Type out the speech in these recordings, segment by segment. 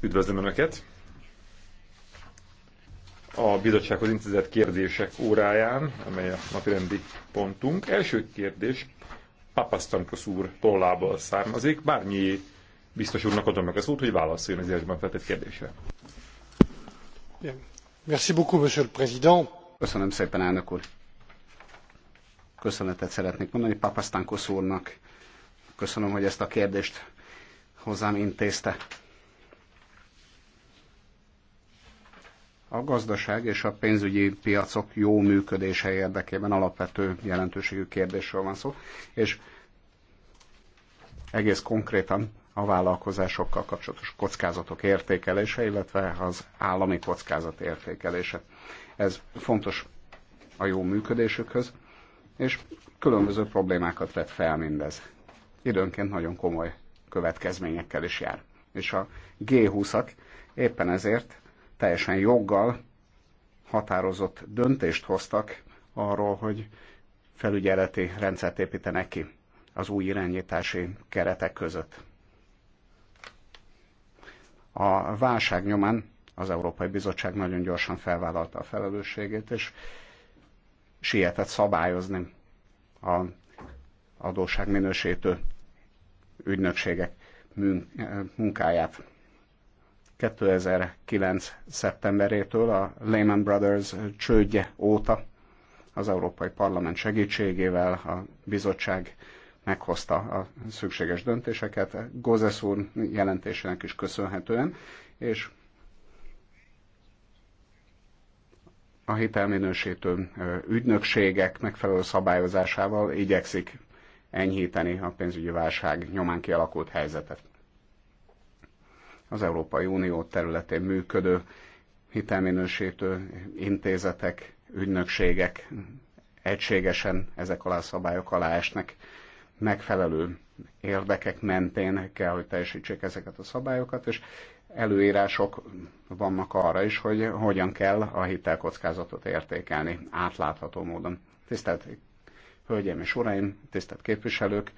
Üdvözlöm Önöket! A bizottsághoz intézett kérdések óráján, amely a napirendi pontunk. Első kérdés Papasztankos úr tollából származik. Bármi biztos úrnak adom meg a szót, hogy válaszoljon az írásban feltett kérdésre. Merci beaucoup, monsieur le président. Köszönöm szépen, elnök úr. Köszönetet szeretnék mondani Papasztankos úrnak. Köszönöm, hogy ezt a kérdést hozzám intézte. A gazdaság és a pénzügyi piacok jó működése érdekében alapvető jelentőségű kérdésről van szó, és egész konkrétan a vállalkozásokkal kapcsolatos kockázatok értékelése, illetve az állami kockázat értékelése. Ez fontos a jó működésükhöz, és különböző problémákat vet fel mindez. Időnként nagyon komoly következményekkel is jár. És a G20-ak éppen ezért teljesen joggal határozott döntést hoztak arról, hogy felügyeleti rendszert építenek ki az új irányítási keretek között. A válság nyomán az Európai Bizottság nagyon gyorsan felvállalta a felelősségét, és sietett szabályozni a adósság minősítő ügynökségek munkáját. 2009. szeptemberétől a Lehman Brothers csődje óta az Európai Parlament segítségével a bizottság meghozta a szükséges döntéseket, Gózes úr jelentésének is köszönhetően, és a hitelminősítő ügynökségek megfelelő szabályozásával igyekszik enyhíteni a pénzügyi válság nyomán kialakult helyzetet. Az Európai Unió területén működő hitelminősítő intézetek, ügynökségek egységesen ezek alá a szabályok alá esnek, megfelelő érdekek mentén kell, hogy teljesítsék ezeket a szabályokat, és előírások vannak arra is, hogy hogyan kell a hitelkockázatot értékelni átlátható módon. Tisztelt Hölgyeim és Uraim, tisztelt képviselők,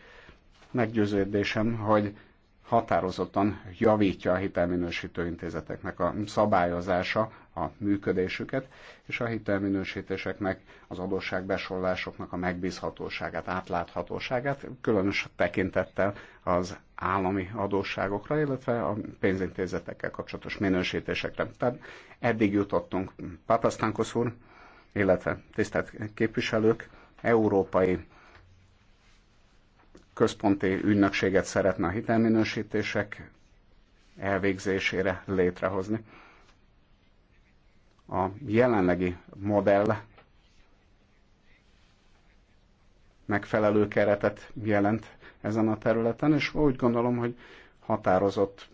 meggyőződésem, hogy határozottan javítja a hitelminősítő intézeteknek a szabályozása, a működésüket, és a hitelminősítéseknek, az adósságbesorlásoknak a megbízhatóságát, átláthatóságát, különös tekintettel az állami adósságokra, illetve a pénzintézetekkel kapcsolatos minősítésekre. Tehát eddig jutottunk. Papasztánkosz úr, illetve tisztelt képviselők, európai központi ügynökséget szeretne a hitelminősítések elvégzésére létrehozni. A jelenlegi modell megfelelő keretet jelent ezen a területen, és úgy gondolom, hogy határozott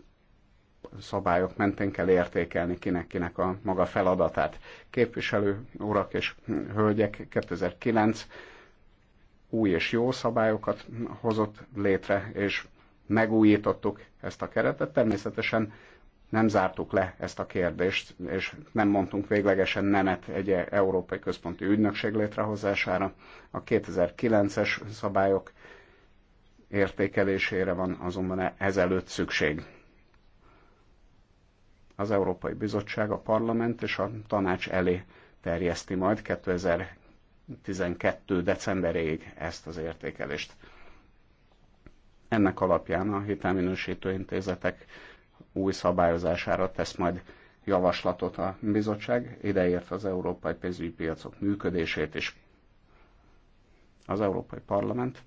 szabályok mentén kell értékelni kinek-kinek a maga feladatát. Képviselő urak és hölgyek 2009 új és jó szabályokat hozott létre, és megújítottuk ezt a keretet. Természetesen nem zártuk le ezt a kérdést, és nem mondtunk véglegesen nemet egy Európai Központi Ügynökség létrehozására. A 2009-es szabályok értékelésére van azonban ezelőtt szükség az Európai Bizottság, a Parlament és a Tanács elé terjeszti majd 2012. decemberéig ezt az értékelést. Ennek alapján a hitelminősítő intézetek új szabályozására tesz majd javaslatot a bizottság, ideért az európai pénzügyi piacok működését is. Az Európai Parlament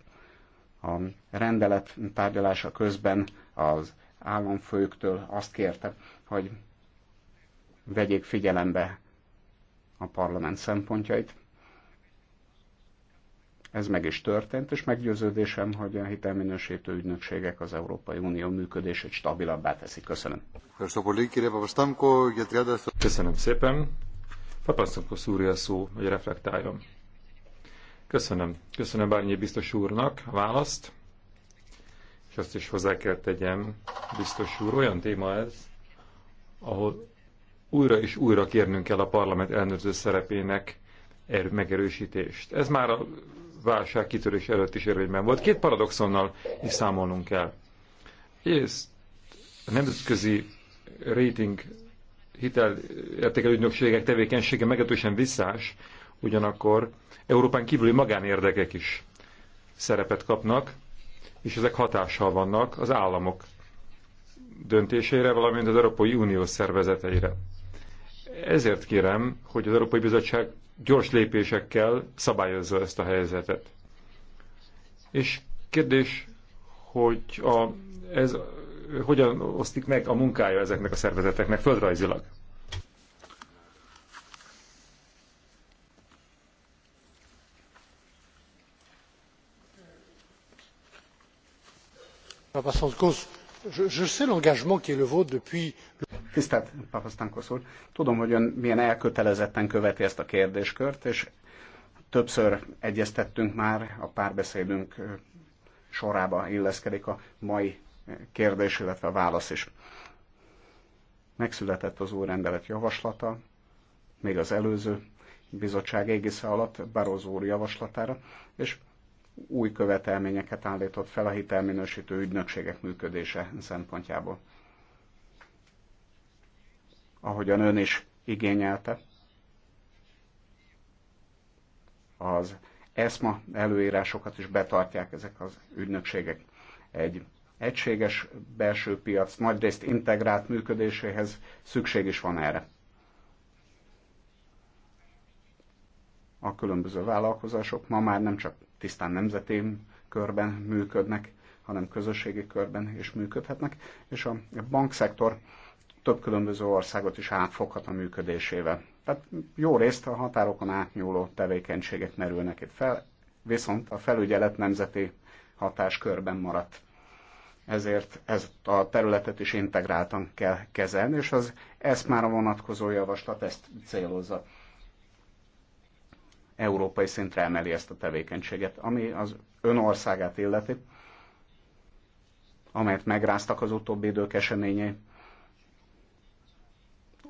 a rendelet tárgyalása közben az államfőktől azt kérte, hogy vegyék figyelembe a parlament szempontjait. Ez meg is történt, és meggyőződésem, hogy a hitelminősítő ügynökségek az Európai Unió működését stabilabbá teszik. Köszönöm. Köszönöm szépen. Papasztokos úr a szó, hogy reflektáljon. Köszönöm. Köszönöm Bárnyi biztos úrnak a választ. És azt is hozzá kell tegyem, biztos úr, olyan téma ez, ahol újra és újra kérnünk kell a parlament elnöző szerepének megerősítést. Ez már a válság kitörés előtt is érvényben volt. Két paradoxonnal is számolnunk kell. Egyrészt a nemzetközi rating hitelértékelő ügynökségek tevékenysége meglehetősen visszás, ugyanakkor Európán kívüli magánérdekek is szerepet kapnak, és ezek hatással vannak az államok döntésére, valamint az Európai Unió szervezeteire. Ezért kérem, hogy az Európai Bizottság gyors lépésekkel szabályozza ezt a helyzetet. És kérdés, hogy a, ez hogyan osztik meg a munkája ezeknek a szervezeteknek földrajzilag? Papaszolkos je sais l'engagement qui est le vôtre depuis... Tisztelt Papasztánkosz úr, tudom, hogy ön milyen elkötelezetten követi ezt a kérdéskört, és többször egyeztettünk már, a párbeszédünk sorába illeszkedik a mai kérdés, illetve a válasz is. Megszületett az új rendelet javaslata, még az előző bizottság égisze alatt Barózó úr javaslatára, és új követelményeket állított fel a hitelminősítő ügynökségek működése szempontjából. Ahogyan ön is igényelte, az ESMA előírásokat is betartják ezek az ügynökségek. Egy egységes belső piac nagyrészt integrált működéséhez szükség is van erre. A különböző vállalkozások ma már nem csak tisztán nemzeti körben működnek, hanem közösségi körben is működhetnek, és a bankszektor több különböző országot is átfoghat a működésével. Tehát jó részt a határokon átnyúló tevékenységek merülnek itt fel, viszont a felügyelet nemzeti hatáskörben maradt. Ezért ezt a területet is integráltan kell kezelni, és az ezt már a vonatkozó javaslat ezt célozza európai szintre emeli ezt a tevékenységet, ami az ön országát illeti, amelyet megráztak az utóbbi idők eseményei.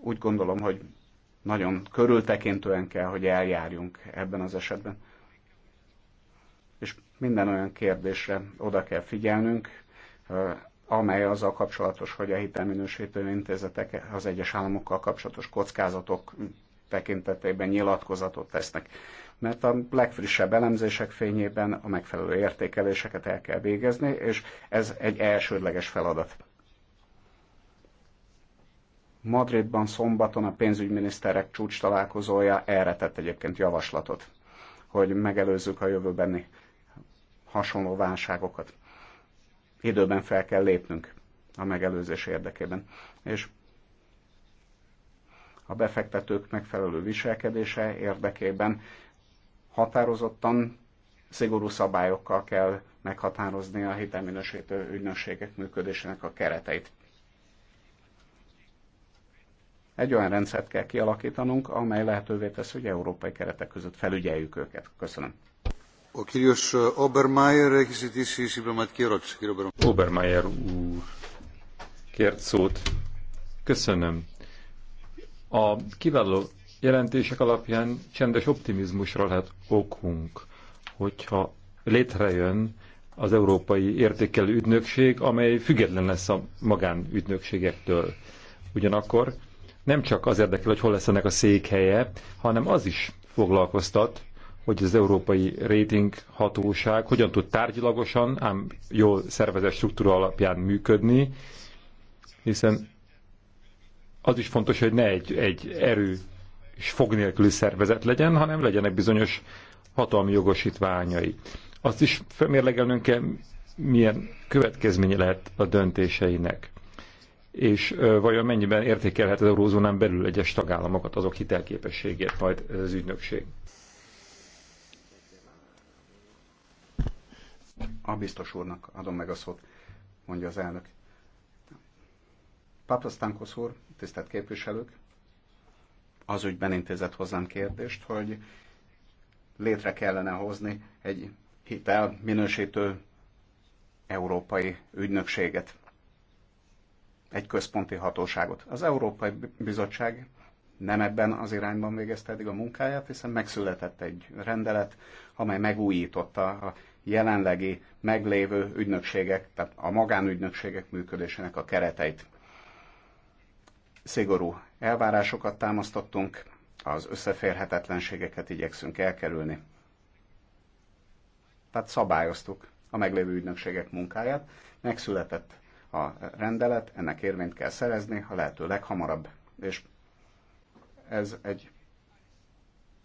Úgy gondolom, hogy nagyon körültekintően kell, hogy eljárjunk ebben az esetben. És minden olyan kérdésre oda kell figyelnünk, amely azzal kapcsolatos, hogy a hitelminősítő intézetek az egyes államokkal kapcsolatos kockázatok tekintetében nyilatkozatot tesznek. Mert a legfrissebb elemzések fényében a megfelelő értékeléseket el kell végezni, és ez egy elsődleges feladat. Madridban szombaton a pénzügyminiszterek csúcs találkozója erre tett egyébként javaslatot, hogy megelőzzük a jövőbeni hasonló válságokat. Időben fel kell lépnünk a megelőzés érdekében. És a befektetők megfelelő viselkedése érdekében határozottan szigorú szabályokkal kell meghatározni a hitelminősítő ügynökségek működésének a kereteit. Egy olyan rendszert kell kialakítanunk, amely lehetővé tesz, hogy európai keretek között felügyeljük őket. Köszönöm. Ο κύριος Obermeier έχει ζητήσει συμπληρωματική ερώτηση. Obermeier úr, kért szót. Köszönöm. A kiváló jelentések alapján csendes optimizmusra lehet okunk, hogyha létrejön az Európai Értékelő Ügynökség, amely független lesz a magánügynökségektől. Ugyanakkor nem csak az érdekel, hogy hol lesz ennek a székhelye, hanem az is foglalkoztat, hogy az Európai Rating Hatóság hogyan tud tárgyilagosan, ám jól szervezett struktúra alapján működni, hiszen az is fontos, hogy ne egy, egy erő és fog nélküli szervezet legyen, hanem legyenek bizonyos hatalmi jogosítványai. Azt is felmérlegelnünk kell, milyen következménye lehet a döntéseinek. És vajon mennyiben értékelhet az eurózónán belül egyes tagállamokat, azok hitelképességét majd az ügynökség? A biztos úrnak adom meg a szót, mondja az elnök. Papasztánkosz úr, tisztelt képviselők, az ügyben intézett hozzám kérdést, hogy létre kellene hozni egy hitel minősítő európai ügynökséget, egy központi hatóságot. Az Európai Bizottság nem ebben az irányban végezte eddig a munkáját, hiszen megszületett egy rendelet, amely megújította a jelenlegi meglévő ügynökségek, tehát a magánügynökségek működésének a kereteit. Szigorú elvárásokat támasztottunk, az összeférhetetlenségeket igyekszünk elkerülni. Tehát szabályoztuk a meglévő ügynökségek munkáját, megszületett a rendelet, ennek érvényt kell szerezni ha lehető leghamarabb, és ez egy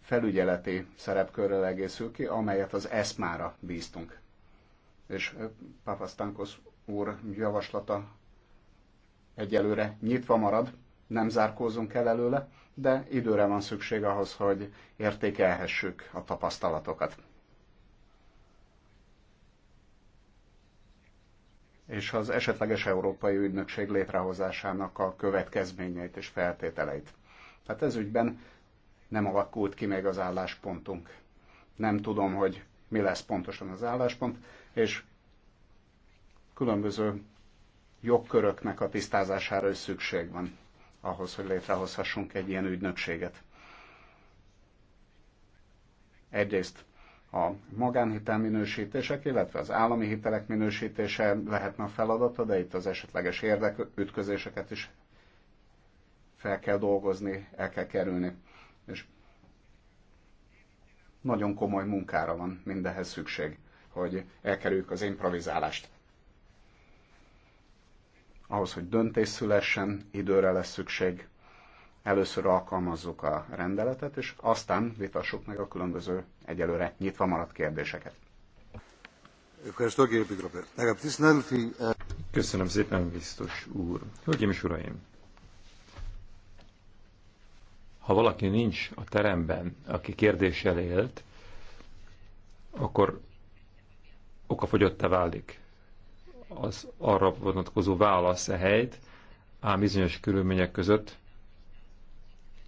felügyeleti szerepkörrel egészül ki, amelyet az ESMÁ-ra bíztunk. És Papasztánkosz úr javaslata egyelőre nyitva marad, nem zárkózunk el előle, de időre van szükség ahhoz, hogy értékelhessük a tapasztalatokat. és az esetleges európai ügynökség létrehozásának a következményeit és feltételeit. Tehát ez ügyben nem alakult ki még az álláspontunk. Nem tudom, hogy mi lesz pontosan az álláspont, és különböző jogköröknek a tisztázására is szükség van ahhoz, hogy létrehozhassunk egy ilyen ügynökséget. Egyrészt a magánhitel minősítések, illetve az állami hitelek minősítése lehetne a feladata, de itt az esetleges érdekütközéseket is fel kell dolgozni, el kell kerülni. És nagyon komoly munkára van mindehez szükség, hogy elkerüljük az improvizálást ahhoz, hogy döntés szülessen, időre lesz szükség. Először alkalmazzuk a rendeletet, és aztán vitassuk meg a különböző egyelőre nyitva maradt kérdéseket. Köszönöm eh, szépen, biztos úr. Hölgyeim és uraim! Ha valaki nincs a teremben, aki kérdéssel élt, akkor okafogyottá válik az arra vonatkozó válasz ehelyt, ám bizonyos körülmények között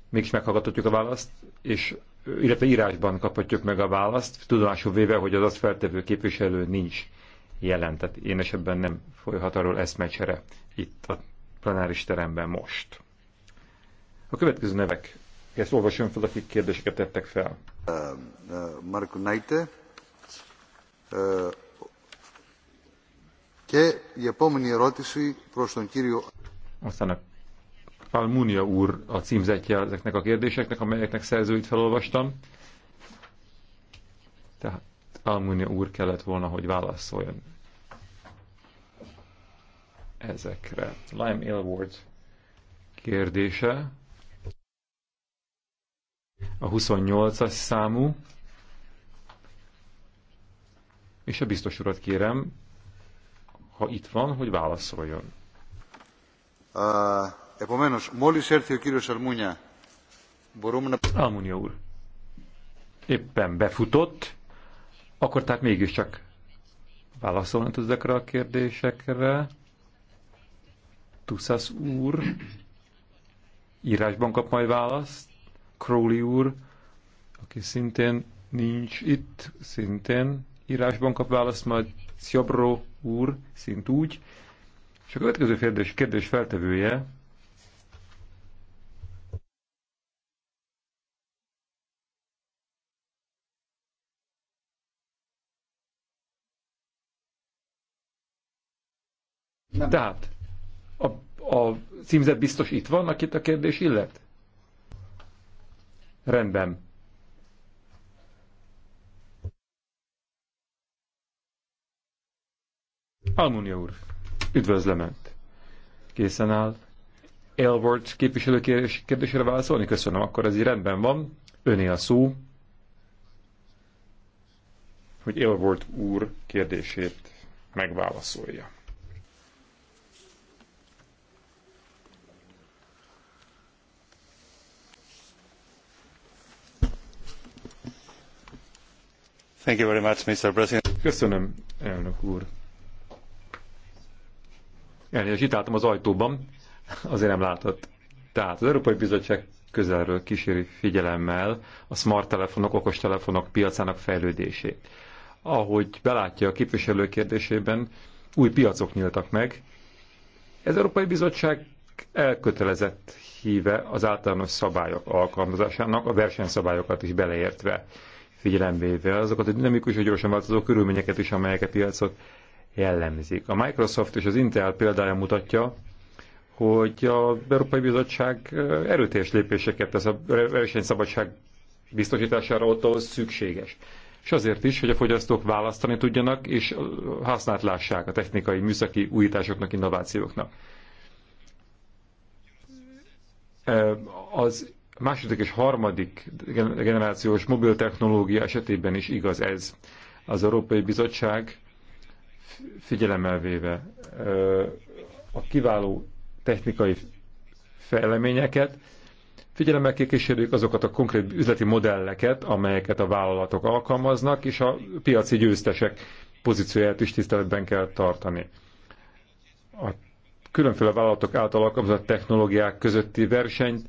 mégis meghallgathatjuk a választ, és illetve írásban kaphatjuk meg a választ, tudomásul véve, hogy az azt feltevő képviselő nincs jelen. Tehát én esetben nem folyhat arról eszmecsere itt a plenáris teremben most. A következő nevek. Ezt olvasom fel, akik kérdéseket tettek fel. Uh, uh, Marko Naite, uh, aztán a Palmunia úr a címzetje ezeknek a kérdéseknek, amelyeknek szerzőit felolvastam. Tehát Palmunia úr kellett volna, hogy válaszoljon ezekre. Lime Aylward kérdése. A 28-as számú. És a biztos urat kérem, ha itt van, hogy válaszoljon. Επομένως, μόλις έρθει ο κύριος Αλμούνια, úr, éppen befutott, akkor tehát mégiscsak válaszolni tud ezekre a kérdésekre. Tuszas úr, írásban kap majd választ. Crowley úr, aki szintén nincs itt, szintén írásban kap választ, majd Sziabró úr, szint úgy. És a következő kérdés, kérdés feltevője Nem. Tehát a, a címzet biztos itt van, akit a kérdés illet? Rendben. Almunia úr, üdvözlöm Önt. Készen áll. Elward képviselő kérdésére válaszolni? Köszönöm, akkor ez így rendben van. Öné a szó, hogy Elward úr kérdését megválaszolja. Thank you very much, Mr. President. Köszönöm, elnök úr. Elnézést, itt álltam az ajtóban, azért nem látott. Tehát az Európai Bizottság közelről kíséri figyelemmel a smart telefonok, okos telefonok piacának fejlődését. Ahogy belátja a képviselő kérdésében, új piacok nyíltak meg. Ez Európai Bizottság elkötelezett híve az általános szabályok alkalmazásának, a versenyszabályokat is beleértve figyelembe véve azokat a dinamikus és gyorsan változó körülményeket is, amelyek a piacot jellemzik. A Microsoft és az Intel példája mutatja, hogy a Európai Bizottság erőteljes lépéseket tesz a versenyszabadság biztosítására ott, ahol szükséges. És azért is, hogy a fogyasztók választani tudjanak, és használt lássák a technikai, műszaki újításoknak, innovációknak. Az második és harmadik generációs mobil technológia esetében is igaz ez. Az Európai Bizottság figyelemmel véve a kiváló technikai fejleményeket, figyelemmel kikísérjük azokat a konkrét üzleti modelleket, amelyeket a vállalatok alkalmaznak, és a piaci győztesek pozícióját is tiszteletben kell tartani. A különféle vállalatok által alkalmazott technológiák közötti versenyt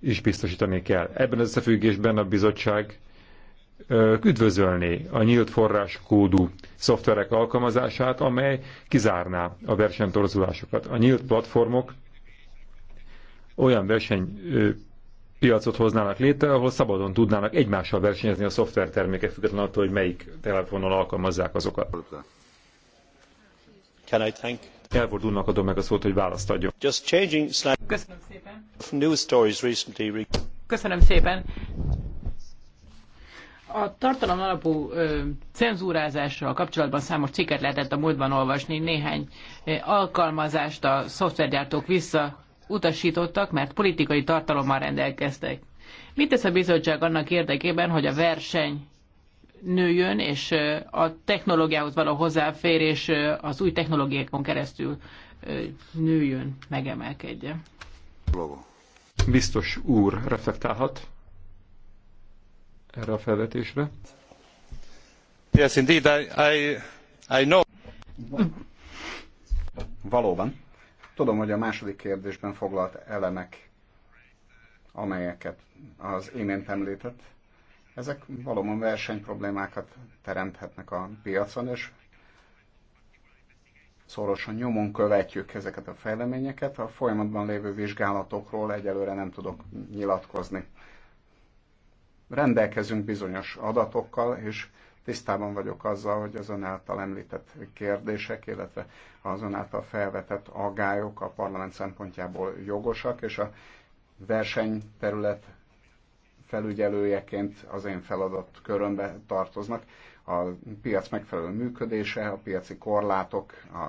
is biztosítani kell. Ebben az összefüggésben a bizottság üdvözölni a nyílt forráskódú szoftverek alkalmazását, amely kizárná a versenytorzulásokat. A nyílt platformok olyan versenypiacot hoznának létre, ahol szabadon tudnának egymással versenyezni a szoftvertermékek, függetlenül attól, hogy melyik telefonon alkalmazzák azokat. Can I thank Elford adom meg a szót, hogy választ adjon. Just changing Köszönöm szépen. News stories recently. Köszönöm szépen a tartalom alapú ö, cenzúrázással kapcsolatban számos cikket lehetett a múltban olvasni, néhány ö, alkalmazást a szoftvergyártók visszautasítottak, mert politikai tartalommal rendelkeztek. Mit tesz a bizottság annak érdekében, hogy a verseny nőjön, és ö, a technológiához való hozzáférés ö, az új technológiákon keresztül ö, nőjön, megemelkedje? Biztos úr reflektálhat erre a felvetésre. Yes, indeed, I, I, I know. Valóban. Tudom, hogy a második kérdésben foglalt elemek, amelyeket az imént említett, ezek valóban versenyproblémákat teremthetnek a piacon, és szorosan nyomon követjük ezeket a fejleményeket. A folyamatban lévő vizsgálatokról egyelőre nem tudok nyilatkozni rendelkezünk bizonyos adatokkal, és tisztában vagyok azzal, hogy azon által említett kérdések, illetve azon által felvetett agályok a parlament szempontjából jogosak, és a versenyterület felügyelőjeként az én feladat körömbe tartoznak. A piac megfelelő működése, a piaci korlátok, a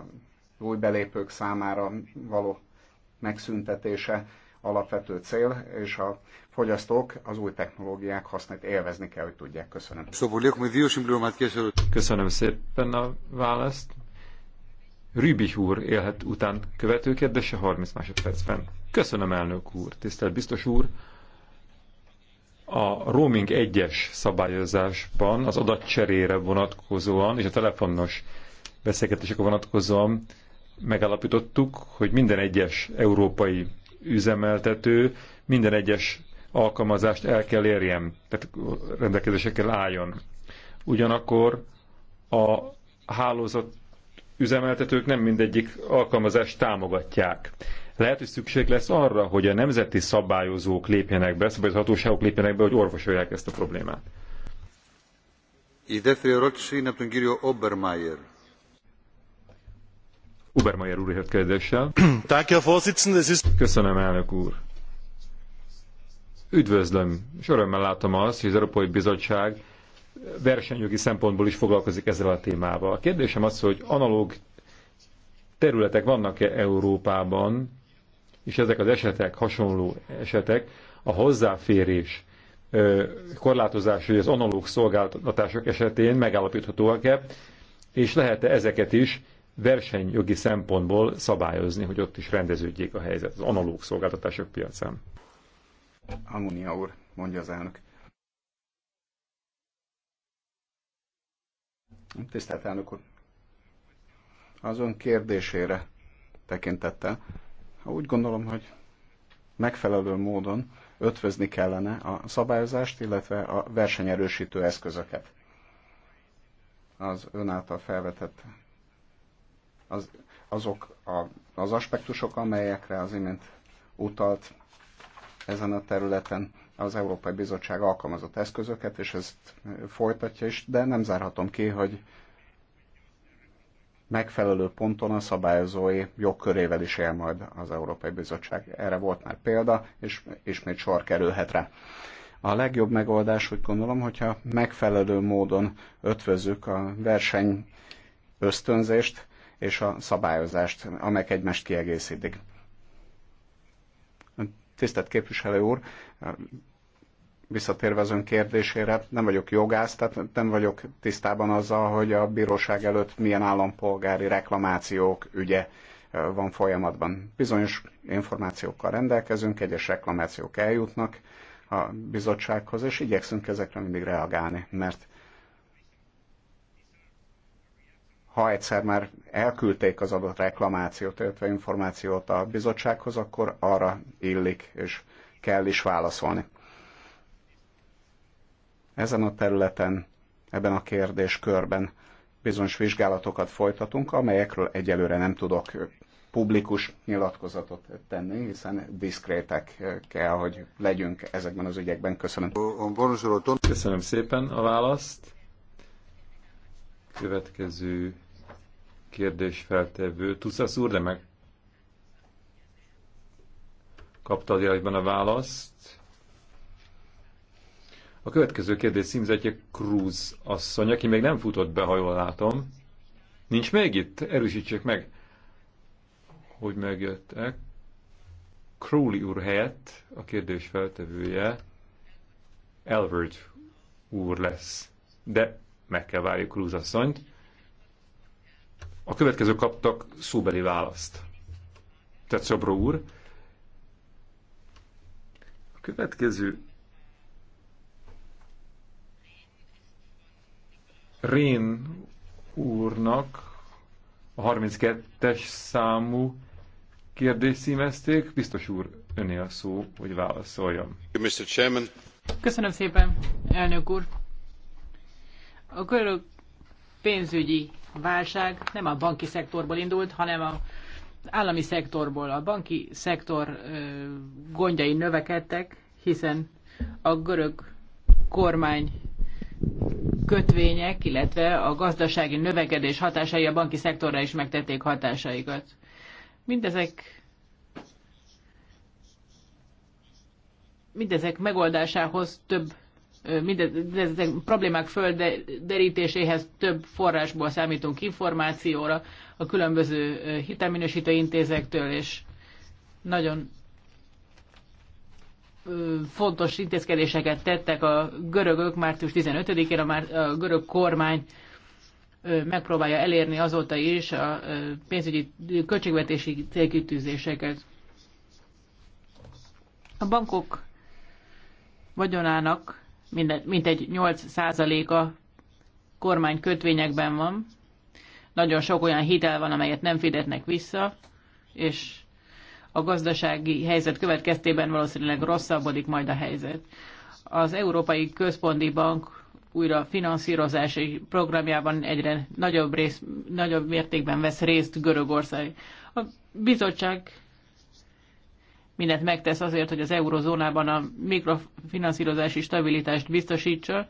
új belépők számára való megszüntetése, alapvető cél, és a fogyasztók az új technológiák hasznát élvezni kell, hogy tudják. Köszönöm. Köszönöm szépen a választ. Rübich úr élhet után követő kérdése 30 másodpercben. Köszönöm, elnök úr, tisztelt biztos úr. A roaming egyes szabályozásban az adatcserére vonatkozóan és a telefonos beszélgetésekre vonatkozóan megállapítottuk, hogy minden egyes európai üzemeltető minden egyes alkalmazást el kell érjem, tehát rendelkezésekkel álljon. Ugyanakkor a hálózat üzemeltetők nem mindegyik alkalmazást támogatják. Lehet, hogy szükség lesz arra, hogy a nemzeti szabályozók lépjenek be, szabályozó hatóságok lépjenek be, hogy orvosolják ezt a problémát. Η δεύτερη ερώτηση είναι από τον κύριο Obermeier. Ubermajer úr jött kérdéssel. Köszönöm, elnök úr. Üdvözlöm, és örömmel látom azt, hogy az Európai Bizottság versenyjogi szempontból is foglalkozik ezzel a témával. A kérdésem az, hogy analóg területek vannak-e Európában, és ezek az esetek, hasonló esetek, a hozzáférés korlátozás, hogy az analóg szolgáltatások esetén megállapíthatóak-e, és lehet-e ezeket is versenyjogi szempontból szabályozni, hogy ott is rendeződjék a helyzet az analóg szolgáltatások piacán. Amunia úr, mondja az elnök. Tisztelt elnök úr! Azon kérdésére tekintettel, úgy gondolom, hogy megfelelő módon ötvözni kellene a szabályozást, illetve a versenyerősítő eszközöket. Az ön által felvetett az, azok a, az aspektusok, amelyekre az imént utalt ezen a területen az Európai Bizottság alkalmazott eszközöket, és ezt folytatja is, de nem zárhatom ki, hogy megfelelő ponton a szabályozói jogkörével is él majd az Európai Bizottság. Erre volt már példa, és ismét sor kerülhet rá. A legjobb megoldás úgy gondolom, hogyha megfelelő módon ötvözzük a verseny ösztönzést és a szabályozást, amelyek egymást kiegészítik. Tisztelt képviselő úr, visszatérve az ön kérdésére, nem vagyok jogász, tehát nem vagyok tisztában azzal, hogy a bíróság előtt milyen állampolgári reklamációk ügye van folyamatban. Bizonyos információkkal rendelkezünk, egyes reklamációk eljutnak a bizottsághoz, és igyekszünk ezekre mindig reagálni, mert ha egyszer már elküldték az adott reklamációt, illetve információt a bizottsághoz, akkor arra illik és kell is válaszolni. Ezen a területen, ebben a kérdéskörben bizonyos vizsgálatokat folytatunk, amelyekről egyelőre nem tudok publikus nyilatkozatot tenni, hiszen diszkrétek kell, hogy legyünk ezekben az ügyekben. Köszönöm. Köszönöm szépen a választ. Következő feltevő. Tuszasz úr, de meg kapta az a választ. A következő kérdés címzetje Cruz asszony, aki még nem futott be, ha jól látom. Nincs még itt? Erősítsék meg, hogy megjöttek. Crowley úr helyett a kérdés feltevője Albert úr lesz. De meg kell várjuk Cruz asszonyt. A következő kaptak szóbeli választ. Tehát Szobró úr, a következő Rén úrnak a 32-es számú kérdés címezték. Biztos úr, öné a szó, hogy válaszoljon. Köszönöm szépen, elnök úr. A görög pénzügyi válság nem a banki szektorból indult, hanem a állami szektorból. A banki szektor gondjai növekedtek, hiszen a görög kormány kötvények, illetve a gazdasági növekedés hatásai a banki szektorra is megtették hatásaikat. Mindezek mindezek megoldásához több mindezek problémák földerítéséhez több forrásból számítunk információra, a különböző hitelminősítő intézektől, és nagyon fontos intézkedéseket tettek a görögök március 15-én, a, görög kormány megpróbálja elérni azóta is a pénzügyi költségvetési célkitűzéseket. A bankok vagyonának mintegy 8%-a kormány kötvényekben van. Nagyon sok olyan hitel van, amelyet nem fizetnek vissza, és a gazdasági helyzet következtében valószínűleg rosszabbodik majd a helyzet. Az Európai Központi Bank újra finanszírozási programjában egyre nagyobb, rész, nagyobb mértékben vesz részt Görögország. A bizottság mindent megtesz azért, hogy az eurozónában a mikrofinanszírozási stabilitást biztosítsa,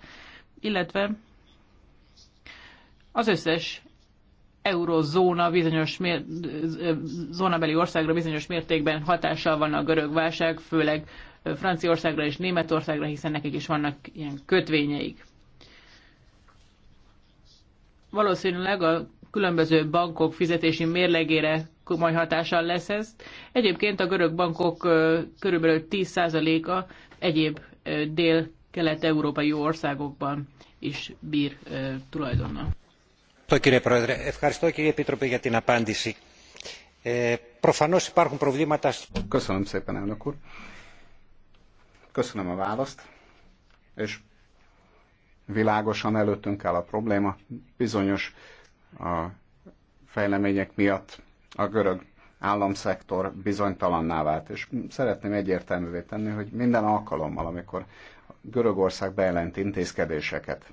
illetve az összes eurozóna bizonyos mér, zónabeli országra bizonyos mértékben hatással van a görög válság, főleg Franciaországra és Németországra, hiszen nekik is vannak ilyen kötvényeik. Valószínűleg a különböző bankok fizetési mérlegére komoly hatással lesz ez. Egyébként a görög bankok körülbelül 10%-a egyéb dél-kelet-európai országokban is bír tulajdonnal. Köszönöm szépen, elnök úr. Köszönöm a választ, és világosan előttünk áll a probléma. Bizonyos a fejlemények miatt a görög államszektor bizonytalanná vált. És szeretném egyértelművé tenni, hogy minden alkalommal, amikor Görögország bejelent intézkedéseket,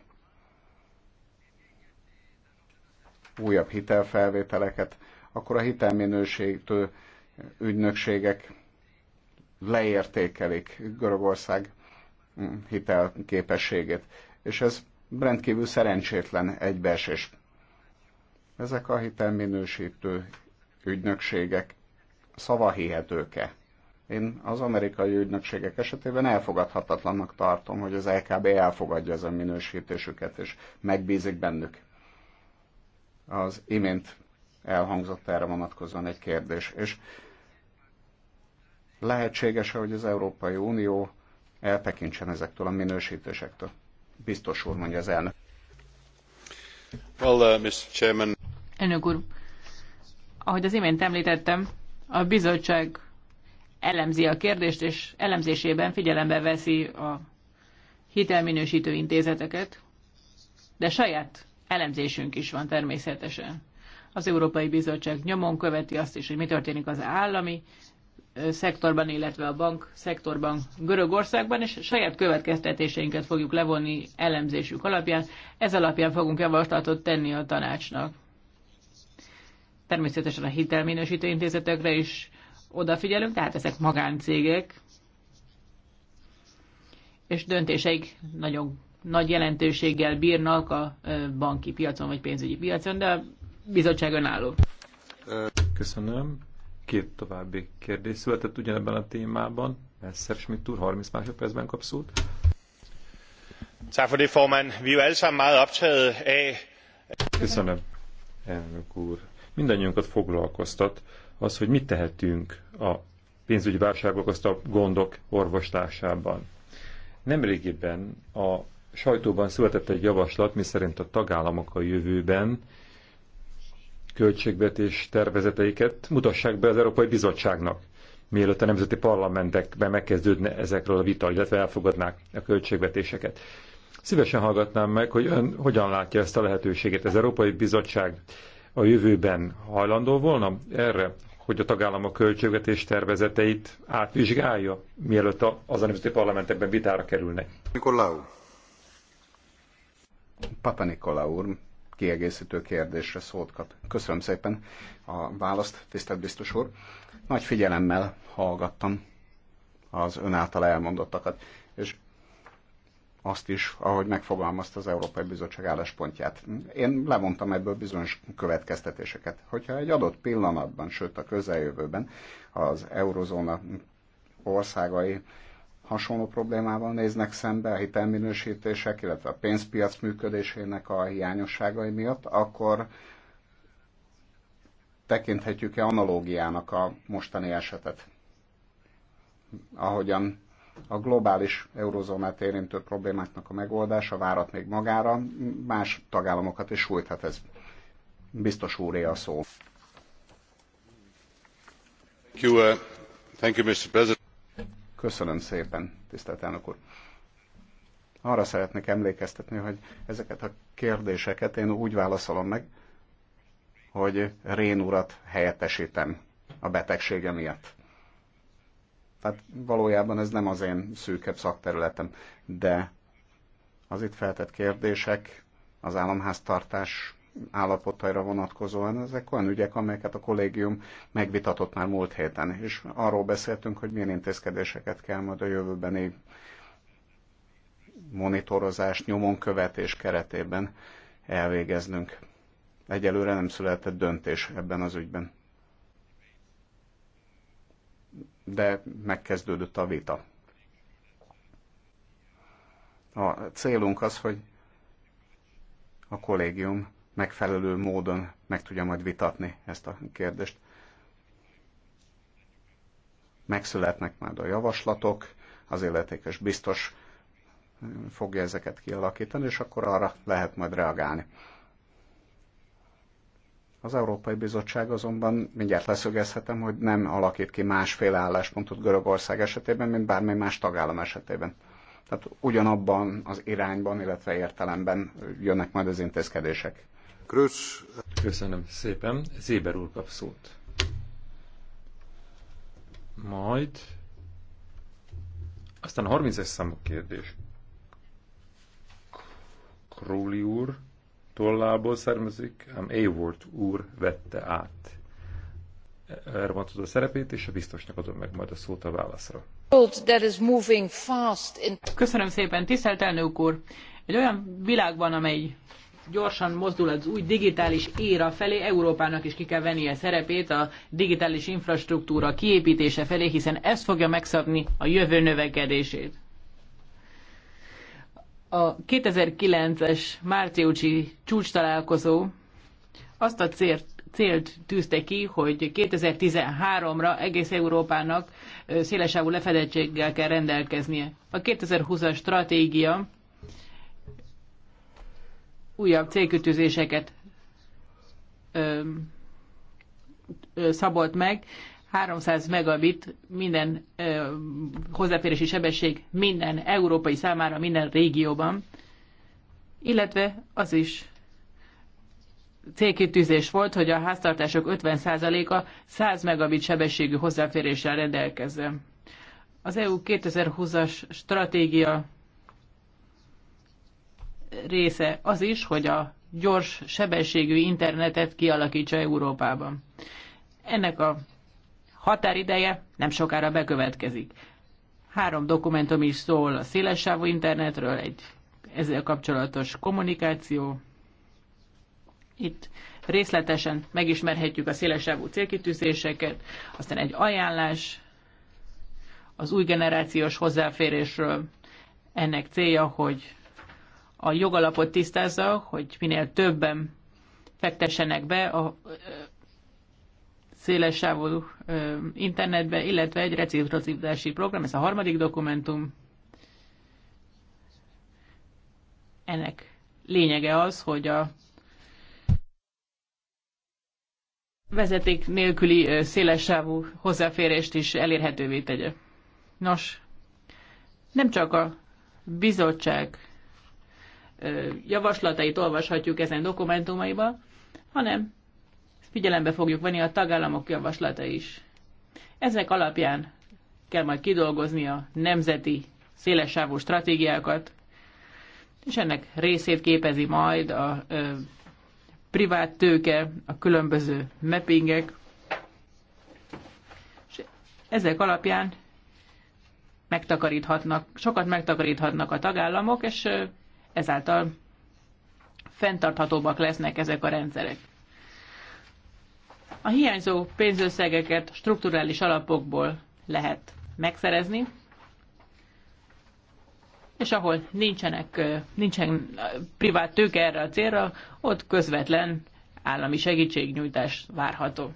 újabb hitelfelvételeket, akkor a hitelminősítő ügynökségek leértékelik Görögország hitelképességét. És ez rendkívül szerencsétlen egybeesés. Ezek a hitelminősítő ügynökségek szavahihetőke. Én az amerikai ügynökségek esetében elfogadhatatlannak tartom, hogy az LKB elfogadja ezen minősítésüket, és megbízik bennük. Az imént elhangzott erre vonatkozóan egy kérdés. És lehetséges hogy az Európai Unió eltekintsen ezektől a minősítésektől? Biztos úr, mondja az elnök. Well, uh, Mr. Chairman. Elnök úr, ahogy az imént említettem, a bizottság elemzi a kérdést, és elemzésében figyelembe veszi a hitelminősítő intézeteket, de saját elemzésünk is van természetesen. Az Európai Bizottság nyomon követi azt is, hogy mi történik az állami szektorban, illetve a bank szektorban Görögországban, és saját következtetéseinket fogjuk levonni elemzésük alapján. Ez alapján fogunk javaslatot tenni a tanácsnak természetesen a hitelminősítő intézetekre is odafigyelünk, tehát ezek magáncégek, és döntéseik nagyon nagy jelentőséggel bírnak a banki piacon vagy pénzügyi piacon, de a bizottság önálló. Köszönöm. Két további kérdés született ugyanebben a témában. Messzer Schmidt úr, 30 másodpercben kap szót. Er Köszönöm, elnök úr mindannyiunkat foglalkoztat az, hogy mit tehetünk a pénzügyi azt a gondok orvoslásában. Nemrégiben a sajtóban született egy javaslat, miszerint a tagállamok a jövőben költségvetés tervezeteiket mutassák be az Európai Bizottságnak, mielőtt a nemzeti parlamentekben megkezdődne ezekről a vita, illetve elfogadnák a költségvetéseket. Szívesen hallgatnám meg, hogy ön hogyan látja ezt a lehetőséget. Az Európai Bizottság a jövőben hajlandó volna erre, hogy a tagállamok költségvetés tervezeteit átvizsgálja, mielőtt az a nemzeti parlamentekben vitára kerülnek? Nikolau. Papa Nikolau úr kiegészítő kérdésre szót kap. Köszönöm szépen a választ, tisztelt biztos úr. Nagy figyelemmel hallgattam az ön által elmondottakat azt is, ahogy megfogalmazta az Európai Bizottság álláspontját. Én levontam ebből bizonyos következtetéseket. Hogyha egy adott pillanatban, sőt a közeljövőben az eurozóna országai hasonló problémával néznek szembe a hitelminősítések, illetve a pénzpiac működésének a hiányosságai miatt, akkor tekinthetjük-e analógiának a mostani esetet? Ahogyan a globális eurozónát érintő problémáknak a megoldása várat még magára, más tagállamokat is sújthat ez. Biztos úré a szó. Uh, Köszönöm szépen, tisztelt elnök úr. Arra szeretnék emlékeztetni, hogy ezeket a kérdéseket én úgy válaszolom meg, hogy Rén urat helyettesítem a betegsége miatt tehát valójában ez nem az én szűkebb szakterületem, de az itt feltett kérdések az államháztartás állapotaira vonatkozóan, ezek olyan ügyek, amelyeket a kollégium megvitatott már múlt héten, és arról beszéltünk, hogy milyen intézkedéseket kell majd a jövőbeni monitorozás, nyomon követés keretében elvégeznünk. Egyelőre nem született döntés ebben az ügyben. de megkezdődött a vita. A célunk az, hogy a kollégium megfelelő módon meg tudja majd vitatni ezt a kérdést. Megszületnek majd a javaslatok, az illetékes biztos fogja ezeket kialakítani, és akkor arra lehet majd reagálni. Az Európai Bizottság azonban, mindjárt leszögezhetem, hogy nem alakít ki másféle álláspontot Görögország esetében, mint bármely más tagállam esetében. Tehát ugyanabban az irányban, illetve értelemben jönnek majd az intézkedések. Krösz. Köszönöm szépen. Zéber úr kap szót. Majd aztán a 30-es számú kérdés. Króli úr tollából származik, ám Eivort úr vette át erre a szerepét, és a biztosnak adom meg majd a szót a válaszra. Köszönöm szépen, tisztelt elnök úr! Egy olyan világban, amely gyorsan mozdul az új digitális éra felé, Európának is ki kell vennie szerepét a digitális infrastruktúra kiépítése felé, hiszen ez fogja megszabni a jövő növekedését a 2009-es márciusi csúcs találkozó azt a célt, célt tűzte ki, hogy 2013-ra egész Európának szélesávú lefedettséggel kell rendelkeznie. A 2020-as stratégia újabb célkütőzéseket szabott meg, 300 megabit minden ö, hozzáférési sebesség minden európai számára, minden régióban, illetve az is célkitűzés volt, hogy a háztartások 50%-a 100 megabit sebességű hozzáféréssel rendelkezzen. Az EU 2020-as stratégia része az is, hogy a gyors sebességű internetet kialakítsa Európában. Ennek a határideje nem sokára bekövetkezik. Három dokumentum is szól a szélessávú internetről, egy ezzel kapcsolatos kommunikáció. Itt részletesen megismerhetjük a szélessávú célkitűzéseket, aztán egy ajánlás az új generációs hozzáférésről. Ennek célja, hogy a jogalapot tisztázza, hogy minél többen fektessenek be a szélesávú internetbe, illetve egy reciprocitási program, ez a harmadik dokumentum. Ennek lényege az, hogy a vezeték nélküli szélesávú hozzáférést is elérhetővé tegye. Nos, nem csak a bizottság javaslatait olvashatjuk ezen dokumentumaiban, hanem Figyelembe fogjuk venni a tagállamok javaslata is. Ezek alapján kell majd kidolgozni a nemzeti szélessávú stratégiákat, és ennek részét képezi majd a ö, privát tőke, a különböző mappingek, és ezek alapján megtakaríthatnak, sokat megtakaríthatnak a tagállamok, és ezáltal fenntarthatóbbak lesznek ezek a rendszerek. A hiányzó pénzösszegeket strukturális alapokból lehet megszerezni, és ahol nincsenek, nincsen privát tőke erre a célra, ott közvetlen állami segítségnyújtás várható.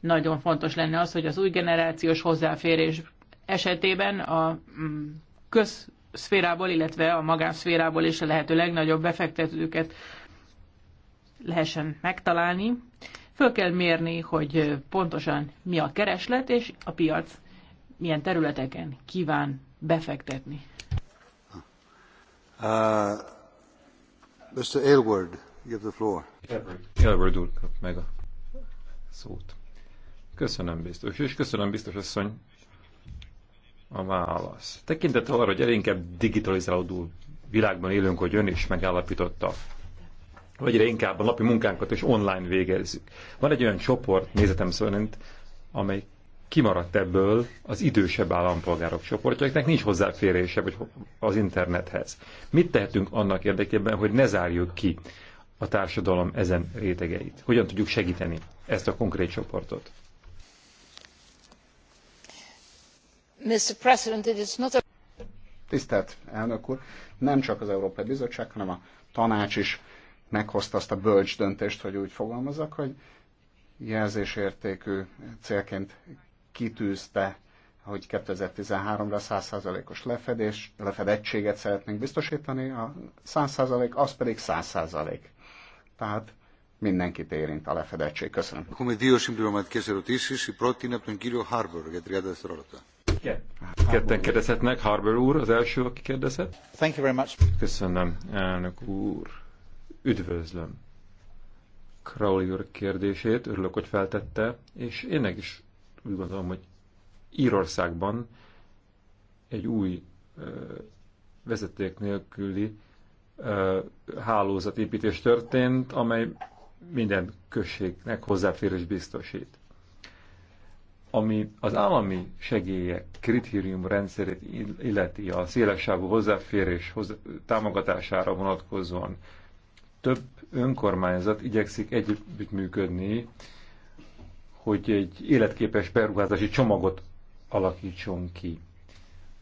Nagyon fontos lenne az, hogy az új generációs hozzáférés esetében a mm, közszférából, illetve a magánszférából is a lehető legnagyobb befektetőket lehessen megtalálni. Föl kell mérni, hogy pontosan mi a kereslet, és a piac milyen területeken kíván befektetni. Uh, Mr. Aylward, give the floor. Aylward úr kap meg a szót. Köszönöm biztos, és köszönöm biztos asszony a válasz. Tekintettel arra, hogy inkább digitalizálódó világban élünk, hogy ön is megállapította vagy inkább a napi munkánkat is online végezzük. Van egy olyan csoport, nézetem szerint, amely kimaradt ebből az idősebb állampolgárok csoportja, akiknek nincs hozzáférése vagy az internethez. Mit tehetünk annak érdekében, hogy ne zárjuk ki a társadalom ezen rétegeit? Hogyan tudjuk segíteni ezt a konkrét csoportot? Mr. President, it is not a... Tisztelt elnök úr, nem csak az Európai Bizottság, hanem a tanács is meghozta azt a bölcs döntést, hogy úgy fogalmazok, hogy jelzésértékű célként kitűzte, hogy 2013-ra 100%-os lefedés, lefedettséget szeretnénk biztosítani, a 100% az pedig 100%. Tehát mindenkit érint a lefedettség. Köszönöm. Έχουμε δύο συμπληρωματικές ερωτήσεις. Η πρώτη είναι από τον κύριο Harbour για 30 δευτερόλεπτα. Ketten kérdezhetnek. Harbour úr az első, aki kérdezett. Thank you very much. Köszönöm, elnök úr üdvözlöm. Crowley úr kérdését, örülök, hogy feltette, és én meg is úgy gondolom, hogy Írországban egy új vezeték nélküli hálózatépítés történt, amely minden községnek hozzáférés biztosít. Ami az állami segélyek kritérium rendszerét illeti a szélessávú hozzáférés támogatására vonatkozóan több önkormányzat igyekszik együttműködni, hogy egy életképes beruházási csomagot alakítson ki.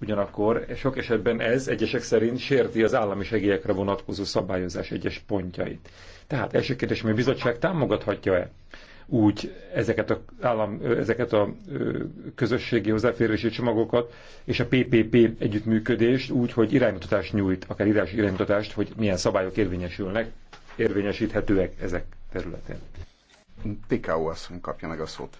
Ugyanakkor sok esetben ez egyesek szerint sérti az állami segélyekre vonatkozó szabályozás egyes pontjait. Tehát első kérdés, hogy a bizottság támogathatja-e úgy ezeket a, állam, ezeket a közösségi hozzáférési csomagokat és a PPP együttműködést úgy, hogy iránymutatást nyújt, akár írás iránymutatást, hogy milyen szabályok érvényesülnek érvényesíthetőek ezek területén. Tikau asszony kapja meg a szót.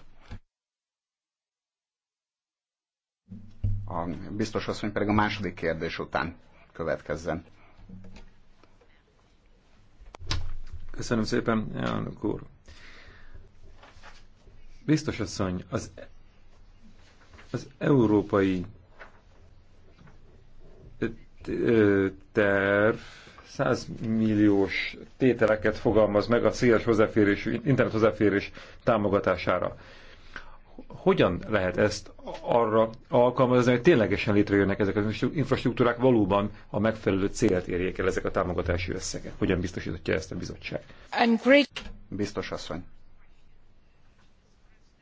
A biztos asszony pedig a második kérdés után következzen. Köszönöm szépen, elnök úr. Biztos asszony, az, az európai terv 100 milliós tételeket fogalmaz meg a széles hozzáférés, internet hozzáférés támogatására. Hogyan lehet ezt arra alkalmazni, hogy ténylegesen létrejönnek ezek az infrastruktúrák, valóban a megfelelő célt érjék el ezek a támogatási összegek? Hogyan biztosítja ezt a bizottság? Biztos asszony.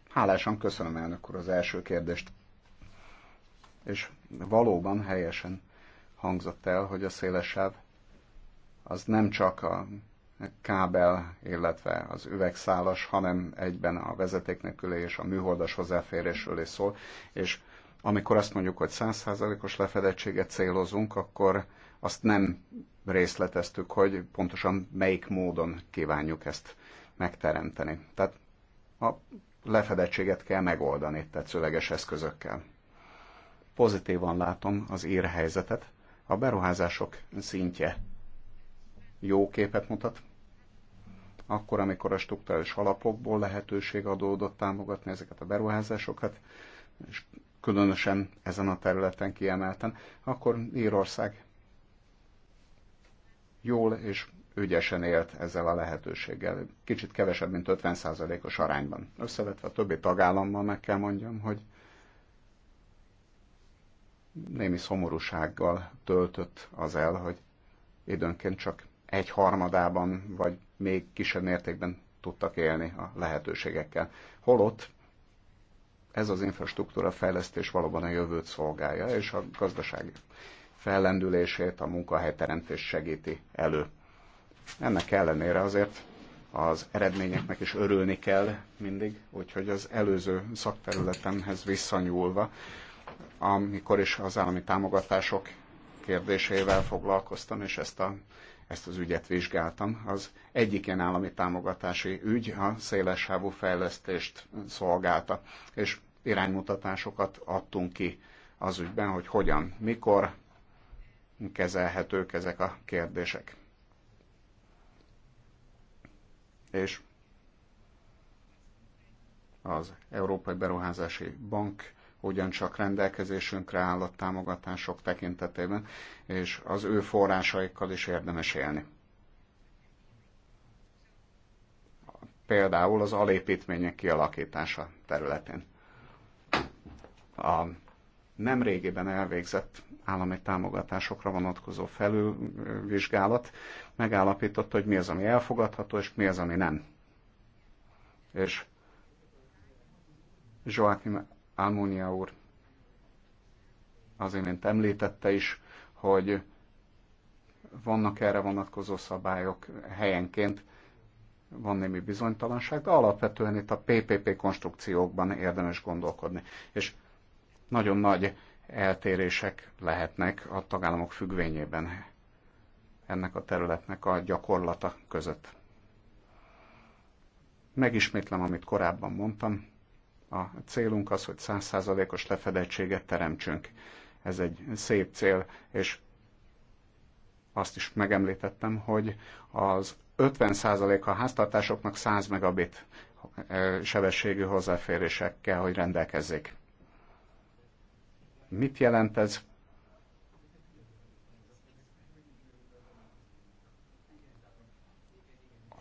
Hálásan köszönöm elnök úr az első kérdést. És valóban helyesen hangzott el, hogy a szélesebb az nem csak a kábel, illetve az üvegszálas, hanem egyben a vezeték nélküli és a műholdas hozzáférésről is szól. És amikor azt mondjuk, hogy 100%-os lefedettséget célozunk, akkor azt nem részleteztük, hogy pontosan melyik módon kívánjuk ezt megteremteni. Tehát a lefedettséget kell megoldani tetszőleges eszközökkel. Pozitívan látom az ír helyzetet. A beruházások szintje jó képet mutat, akkor, amikor a struktúrális alapokból lehetőség adódott támogatni ezeket a beruházásokat, és különösen ezen a területen kiemelten, akkor Írország jól és ügyesen élt ezzel a lehetőséggel. Kicsit kevesebb, mint 50%-os arányban. Összevetve a többi tagállammal meg kell mondjam, hogy némi szomorúsággal töltött az el, hogy időnként csak egy harmadában, vagy még kisebb mértékben tudtak élni a lehetőségekkel. Holott ez az infrastruktúra fejlesztés valóban a jövőt szolgálja, és a gazdaság fellendülését, a munkahelyteremtés segíti elő. Ennek ellenére azért az eredményeknek is örülni kell mindig, úgyhogy az előző szakterületemhez visszanyúlva, amikor is az állami támogatások kérdésével foglalkoztam, és ezt a ezt az ügyet vizsgáltam. Az egyik ilyen állami támogatási ügy a szélessávú fejlesztést szolgálta, és iránymutatásokat adtunk ki az ügyben, hogy hogyan, mikor kezelhetők ezek a kérdések. És az Európai Beruházási Bank ugyancsak rendelkezésünkre áll a támogatások tekintetében, és az ő forrásaikkal is érdemes élni. Például az alépítmények kialakítása területén. A nem régiben elvégzett állami támogatásokra vonatkozó felülvizsgálat megállapította, hogy mi az, ami elfogadható, és mi az, ami nem. És Joachim Álmónia úr az imént említette is, hogy vannak erre vonatkozó szabályok helyenként, van némi bizonytalanság, de alapvetően itt a PPP konstrukciókban érdemes gondolkodni. És nagyon nagy eltérések lehetnek a tagállamok függvényében ennek a területnek a gyakorlata között. Megismétlem, amit korábban mondtam, a célunk az, hogy 100%-os lefedettséget teremtsünk. Ez egy szép cél, és azt is megemlítettem, hogy az 50% a háztartásoknak 100 megabit sebességű hozzáférésekkel, hogy rendelkezzék. Mit jelent ez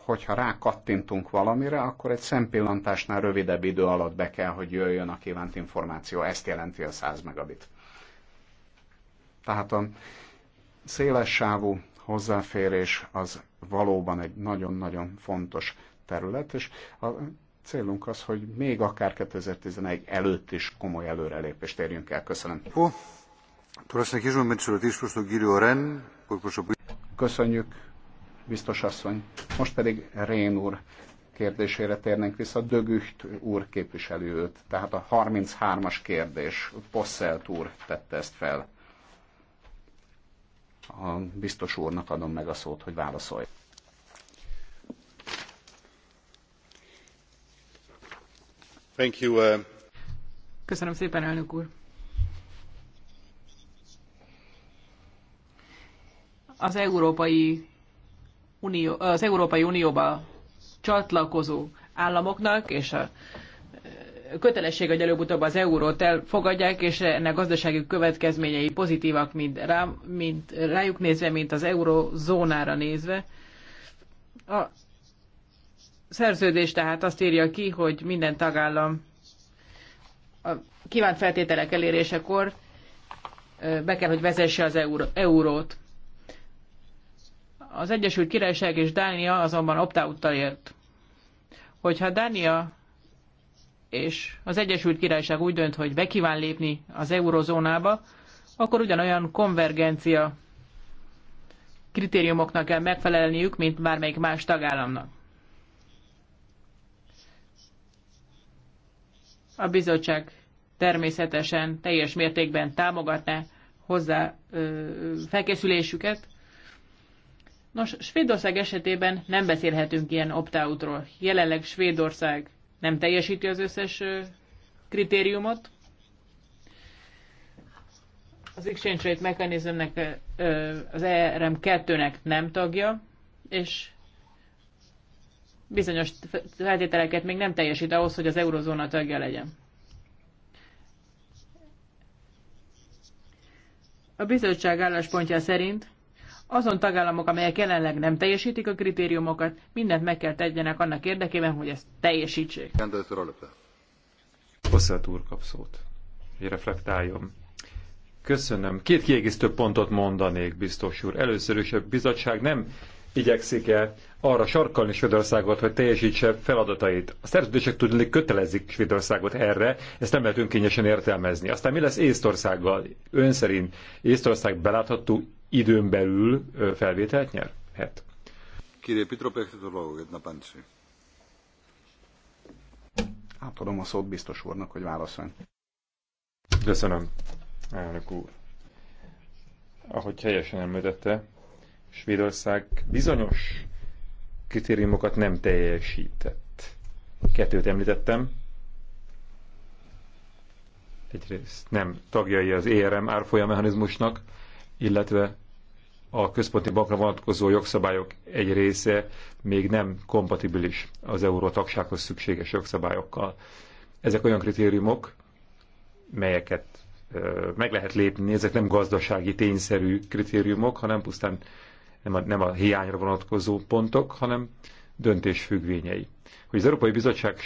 hogyha rákattintunk valamire, akkor egy szempillantásnál rövidebb idő alatt be kell, hogy jöjjön a kívánt információ. Ezt jelenti a 100 megabit. Tehát a széles sávú hozzáférés az valóban egy nagyon-nagyon fontos terület, és a célunk az, hogy még akár 2011 előtt is komoly előrelépést érjünk el. Köszönöm. Köszönjük biztos asszony. Most pedig Rén úr kérdésére térnénk vissza, Dögücht úr képviselőt, őt, tehát a 33-as kérdés, Posszelt úr tette ezt fel. A biztos úrnak adom meg a szót, hogy válaszolj. Thank you, uh... Köszönöm szépen, elnök úr. Az európai Unió, az Európai Unióba csatlakozó államoknak, és a e, kötelesség, hogy előbb-utóbb az eurót elfogadják, és ennek gazdasági következményei pozitívak, mint, rá, mint rájuk nézve, mint az eurozónára nézve. A szerződés tehát azt írja ki, hogy minden tagállam a kívánt feltételek elérésekor e, be kell, hogy vezesse az euró, eurót. Az Egyesült Királyság és Dánia azonban optáuttal ért. Hogyha Dánia és az Egyesült Királyság úgy dönt, hogy be kíván lépni az eurozónába, akkor ugyanolyan konvergencia kritériumoknak kell megfelelniük, mint bármelyik más tagállamnak. A bizottság természetesen teljes mértékben támogatná hozzá ö, felkészülésüket, Nos, Svédország esetében nem beszélhetünk ilyen opt-outról. Jelenleg Svédország nem teljesíti az összes kritériumot. Az exchange rate mechanizmnek, az ERM2-nek nem tagja, és bizonyos feltételeket még nem teljesít ahhoz, hogy az eurozóna tagja legyen. A bizottság álláspontja szerint azon tagállamok, amelyek jelenleg nem teljesítik a kritériumokat, mindent meg kell tegyenek annak érdekében, hogy ezt teljesítsék. Hosszát úr kap szót, hogy reflektáljon. Köszönöm. Két kiegészítő pontot mondanék, biztos úr. Először is a bizottság nem igyekszik el arra sarkalni Svédországot, hogy teljesítse feladatait. A szerződések tudni kötelezik Svédországot erre, ezt nem lehet önkényesen értelmezni. Aztán mi lesz Észtországgal? Ön szerint Észtország belátható időn belül felvételt nyer? Hát. Kérje Pitrop, na páncsi. Átadom a szót biztos úrnak, hogy válaszol. Köszönöm, elnök úr. Ahogy helyesen említette, Svédország bizonyos kritériumokat nem teljesített. Kettőt említettem. Egyrészt nem tagjai az ERM árfolyamechanizmusnak, illetve a központi bankra vonatkozó jogszabályok egy része még nem kompatibilis az euró tagsághoz szükséges jogszabályokkal. Ezek olyan kritériumok, melyeket meg lehet lépni, ezek nem gazdasági tényszerű kritériumok, hanem pusztán nem a, nem a hiányra vonatkozó pontok, hanem döntés függvényei. Hogy az Európai Bizottság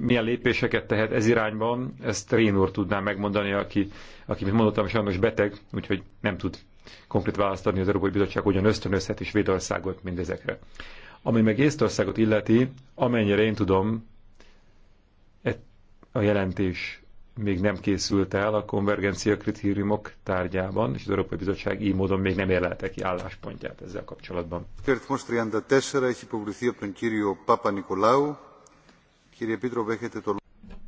milyen lépéseket tehet ez irányban, ezt Rén úr tudná megmondani, aki, aki, mint mondottam, sajnos beteg, úgyhogy nem tud konkrét választ adni az Európai Bizottság, ugyan ösztönözheti Svédországot mindezekre. Ami meg Észtországot illeti, amennyire én tudom, e- a jelentés még nem készült el a konvergencia kritériumok tárgyában, és az Európai Bizottság így módon még nem érlelte ki álláspontját ezzel kapcsolatban. Most 34 έχει és από τον κύριο Παπα-Νικολάου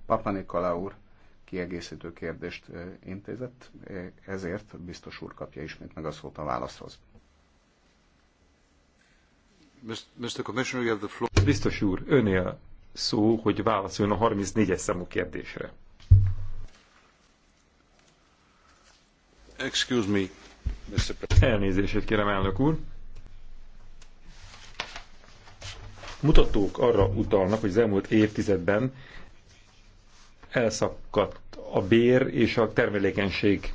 Papa Nikola úr kiegészítő kérdést intézett, ezért biztos úr kapja ismét meg a szót a válaszhoz. Mr. Commissioner, you have the floor. Biztos úr, a szó, hogy válaszoljon a 34-es számú kérdésre. Excuse me, Mr. Elnézését kérem, elnök úr. mutatók arra utalnak, hogy az elmúlt évtizedben elszakadt a bér és a termelékenység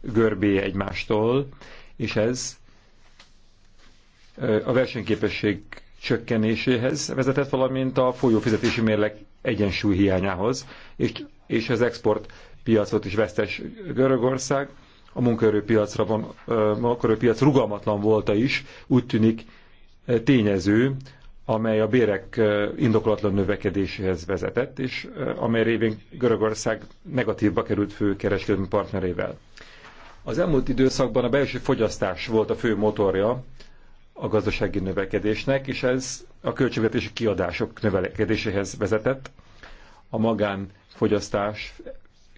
görbéje egymástól, és ez a versenyképesség csökkenéséhez vezetett, valamint a folyófizetési mérleg egyensúly hiányához, és, és az export piacot is vesztes Görögország, a munkaerőpiacra van, munkaerőpiac rugalmatlan volta is, úgy tűnik tényező, amely a bérek indokolatlan növekedéséhez vezetett, és amely révén Görögország negatívba került fő kereskedelmi partnerével. Az elmúlt időszakban a belső fogyasztás volt a fő motorja a gazdasági növekedésnek, és ez a költségvetési kiadások növekedéséhez vezetett. A magánfogyasztás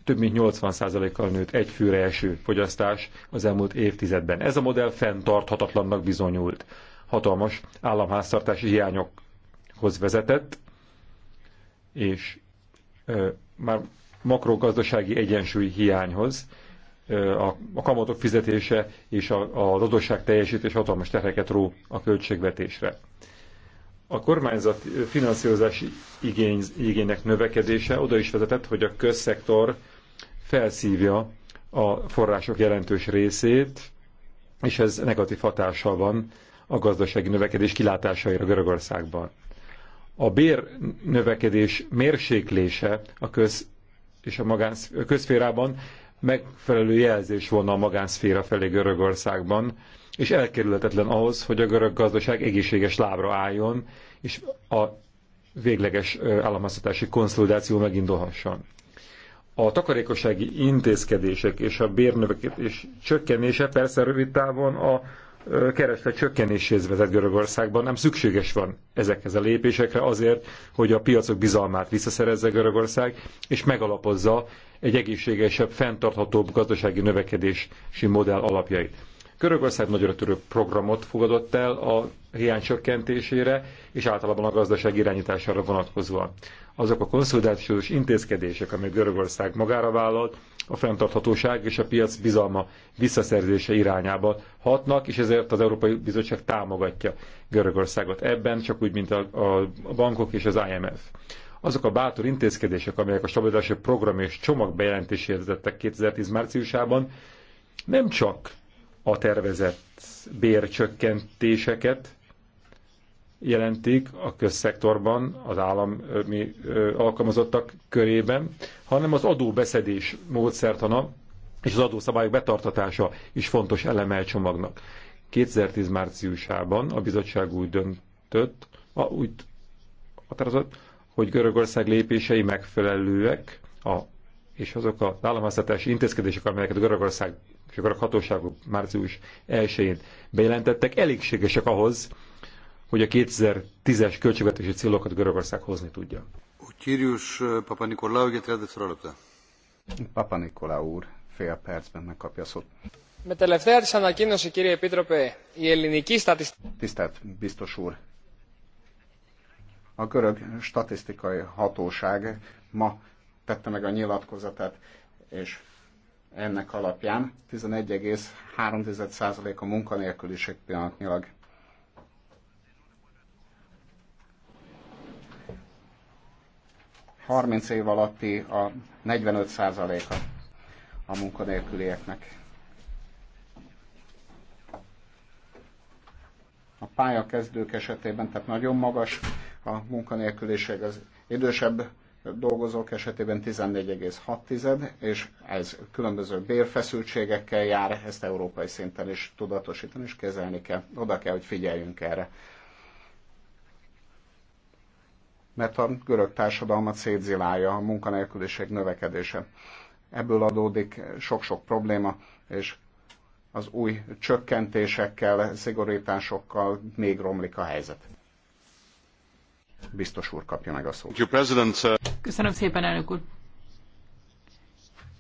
több mint 80%-kal nőtt egy főre eső fogyasztás az elmúlt évtizedben. Ez a modell fenntarthatatlannak bizonyult hatalmas államháztartási hiányokhoz vezetett, és már makrogazdasági egyensúly hiányhoz, a, a kamatok fizetése és a, az adósság teljesítés hatalmas terheket ró a költségvetésre. A kormányzat finanszírozási igény, igények növekedése oda is vezetett, hogy a közszektor felszívja a források jelentős részét, és ez negatív hatással van a gazdasági növekedés kilátásaira Görögországban. A bér növekedés mérséklése a köz és a, magánsz, a közférában megfelelő jelzés volna a magánszféra felé Görögországban, és elkerülhetetlen ahhoz, hogy a görög gazdaság egészséges lábra álljon, és a végleges államháztatási konszolidáció megindulhasson. A takarékossági intézkedések és a bérnövekedés csökkenése persze rövid távon a kereslet csökkenéséhez vezet Görögországban, nem szükséges van ezekhez a lépésekre azért, hogy a piacok bizalmát visszaszerezze Görögország, és megalapozza egy egészségesebb, fenntarthatóbb gazdasági növekedési modell alapjait. Görögország nagyra törő programot fogadott el a hiány csökkentésére és általában a gazdaság irányítására vonatkozóan azok a konszolidációs intézkedések, amelyek Görögország magára vállalt, a fenntarthatóság és a piac bizalma visszaszerzése irányába hatnak, és ezért az Európai Bizottság támogatja Görögországot ebben, csak úgy, mint a, a bankok és az IMF. Azok a bátor intézkedések, amelyek a stabilizási program és csomag bejelentéséhez vezettek 2010 márciusában, nem csak a tervezett bércsökkentéseket jelentik a közszektorban, az állami alkalmazottak körében, hanem az adóbeszedés módszertana és az adószabályok betartatása is fontos eleme a csomagnak. 2010 márciusában a bizottság úgy döntött, a, úgy határozott, hogy Görögország lépései megfelelőek, a, és azok az államháztatási intézkedések, amelyeket Görögország és a görög hatóságok március 1-én bejelentettek, elégségesek ahhoz, hogy a 2010-es költségvetési célokat Görögország hozni tudja. Kirius eh, Papa Nikolau, 30 δευτερόλεπτα. Papa Nikolau úr, fél percben megkapja a szót. Με τελευταία της ανακοίνωση, κύριε Επίτροπε, η Tisztelt biztos úr! A görög statisztikai hatóság ma tette meg a nyilatkozatát, és ennek alapján 11,3% a munkanélküliség pillanatnyilag 30 év alatti a 45%-a a munkanélkülieknek. A pályakezdők esetében, tehát nagyon magas a munkanélküliség, az idősebb dolgozók esetében 14,6, és ez különböző bérfeszültségekkel jár, ezt európai szinten is tudatosítani és kezelni kell. Oda kell, hogy figyeljünk erre mert a görög társadalmat szétzilálja a munkanélküliség növekedése. Ebből adódik sok-sok probléma, és az új csökkentésekkel, szigorításokkal még romlik a helyzet. Biztos úr kapja meg a szót. Köszönöm szépen, elnök úr.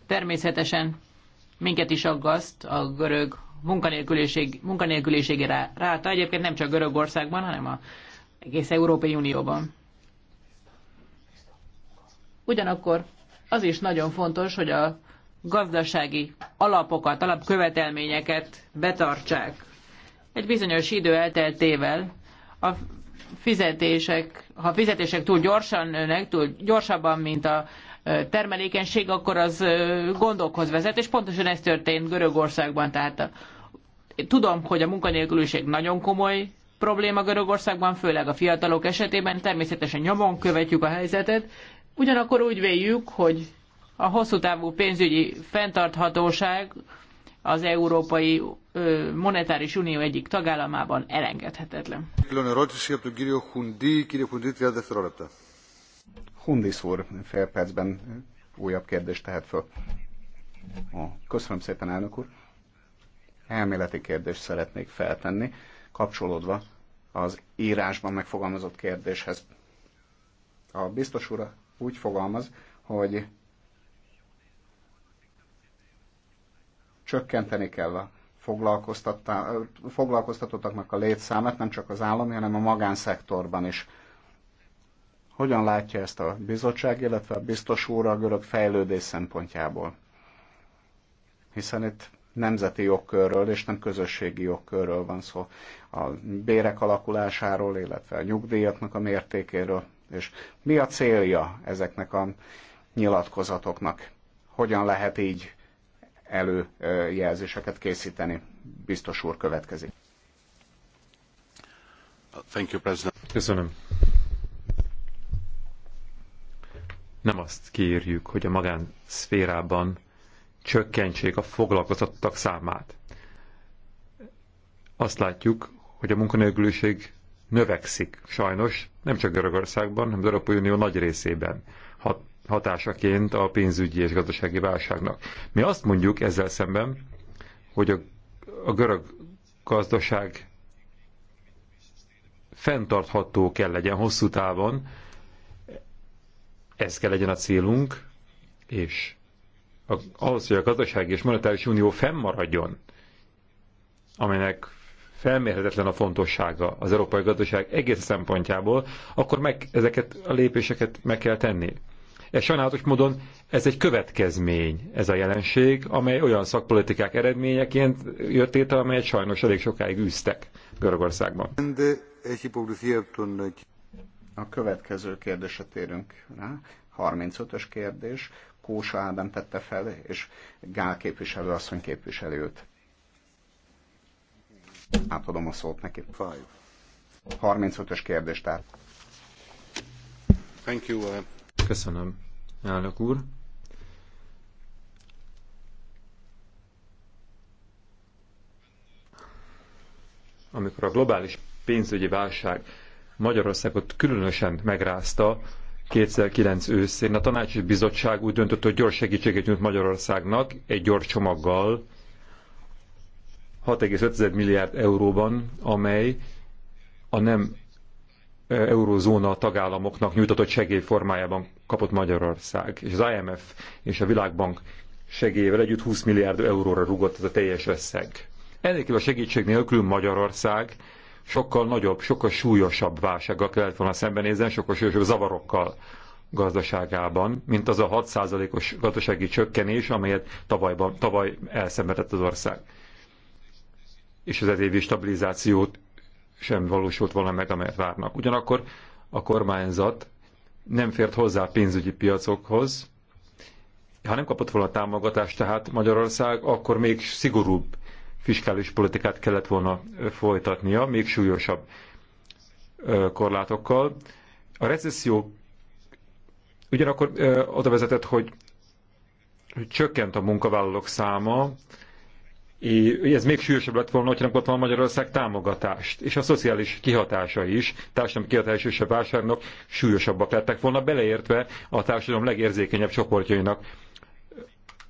Természetesen minket is aggaszt a görög munkanélküliség, munkanélküliségi ráta, egyébként nem csak Görögországban, hanem a egész Európai Unióban. Ugyanakkor az is nagyon fontos, hogy a gazdasági alapokat, alapkövetelményeket betartsák. Egy bizonyos idő elteltével a fizetések, ha fizetések túl gyorsan nőnek, túl gyorsabban, mint a termelékenység, akkor az gondokhoz vezet, és pontosan ez történt Görögországban. Tehát a, tudom, hogy a munkanélküliség nagyon komoly probléma Görögországban, főleg a fiatalok esetében. Természetesen nyomon követjük a helyzetet, Ugyanakkor úgy véljük, hogy a hosszú távú pénzügyi fenntarthatóság az Európai Monetáris Unió egyik tagállamában elengedhetetlen. Hundis úr fél percben újabb kérdést tehet föl. köszönöm szépen, elnök úr. Elméleti kérdést szeretnék feltenni, kapcsolódva az írásban megfogalmazott kérdéshez. A biztos úr úgy fogalmaz, hogy csökkenteni kell a foglalkoztatottaknak a létszámát, nem csak az állami, hanem a magánszektorban is. Hogyan látja ezt a bizottság, illetve a biztos úr a görög fejlődés szempontjából? Hiszen itt nemzeti jogkörről és nem közösségi jogkörről van szó. A bérek alakulásáról, illetve a nyugdíjaknak a mértékéről. És mi a célja ezeknek a nyilatkozatoknak? Hogyan lehet így előjelzéseket készíteni? Biztos úr következik. Thank you, President. Köszönöm. Nem azt kérjük, hogy a magánszférában csökkentsék a foglalkozottak számát. Azt látjuk, hogy a munkanélküliség növekszik sajnos, nem csak Görögországban, hanem az Európai Unió nagy részében hatásaként a pénzügyi és gazdasági válságnak. Mi azt mondjuk ezzel szemben, hogy a, a görög gazdaság fenntartható kell legyen hosszú távon, ez kell legyen a célunk, és a, ahhoz, hogy a gazdasági és monetáris unió fennmaradjon, amelynek felmérhetetlen a fontossága az európai gazdaság egész szempontjából, akkor meg, ezeket a lépéseket meg kell tenni. Ez sajnálatos módon ez egy következmény, ez a jelenség, amely olyan szakpolitikák eredményeként jött létre, amelyet sajnos elég sokáig űztek Görögországban. A következő kérdésre térünk rá. 35-ös kérdés. Kósa Ádám tette fel, és Gál képviselő asszony képviselőt. Átadom a szót neki. 35-ös kérdés, tehát. Thank you. Uh, Köszönöm, elnök úr. Amikor a globális pénzügyi válság Magyarországot különösen megrázta, 2009 őszén a tanácsi bizottság úgy döntött, hogy gyors segítséget nyújt Magyarországnak egy gyors csomaggal, 6,5 milliárd euróban, amely a nem eurózóna tagállamoknak nyújtatott segély formájában kapott Magyarország. És az IMF és a Világbank segélyével együtt 20 milliárd euróra rugott ez a teljes összeg. Ennélkül a segítség nélkül Magyarország sokkal nagyobb, sokkal súlyosabb válsággal kellett volna szembenézni, sokkal súlyosabb zavarokkal gazdaságában, mint az a 6%-os gazdasági csökkenés, amelyet tavalyban, tavaly elszenvedett az ország és az ezévi stabilizációt sem valósult volna meg, amelyet várnak. Ugyanakkor a kormányzat nem fért hozzá pénzügyi piacokhoz, ha nem kapott volna támogatást, tehát Magyarország, akkor még szigorúbb fiskális politikát kellett volna folytatnia, még súlyosabb korlátokkal. A recesszió ugyanakkor oda vezetett, hogy csökkent a munkavállalók száma, É, ez még sűrűsebb lett volna, ha nem kaptam Magyarország támogatást, és a szociális kihatása is, társadalmi kihatása is a válságnak súlyosabbak lettek volna, beleértve a társadalom legérzékenyebb csoportjainak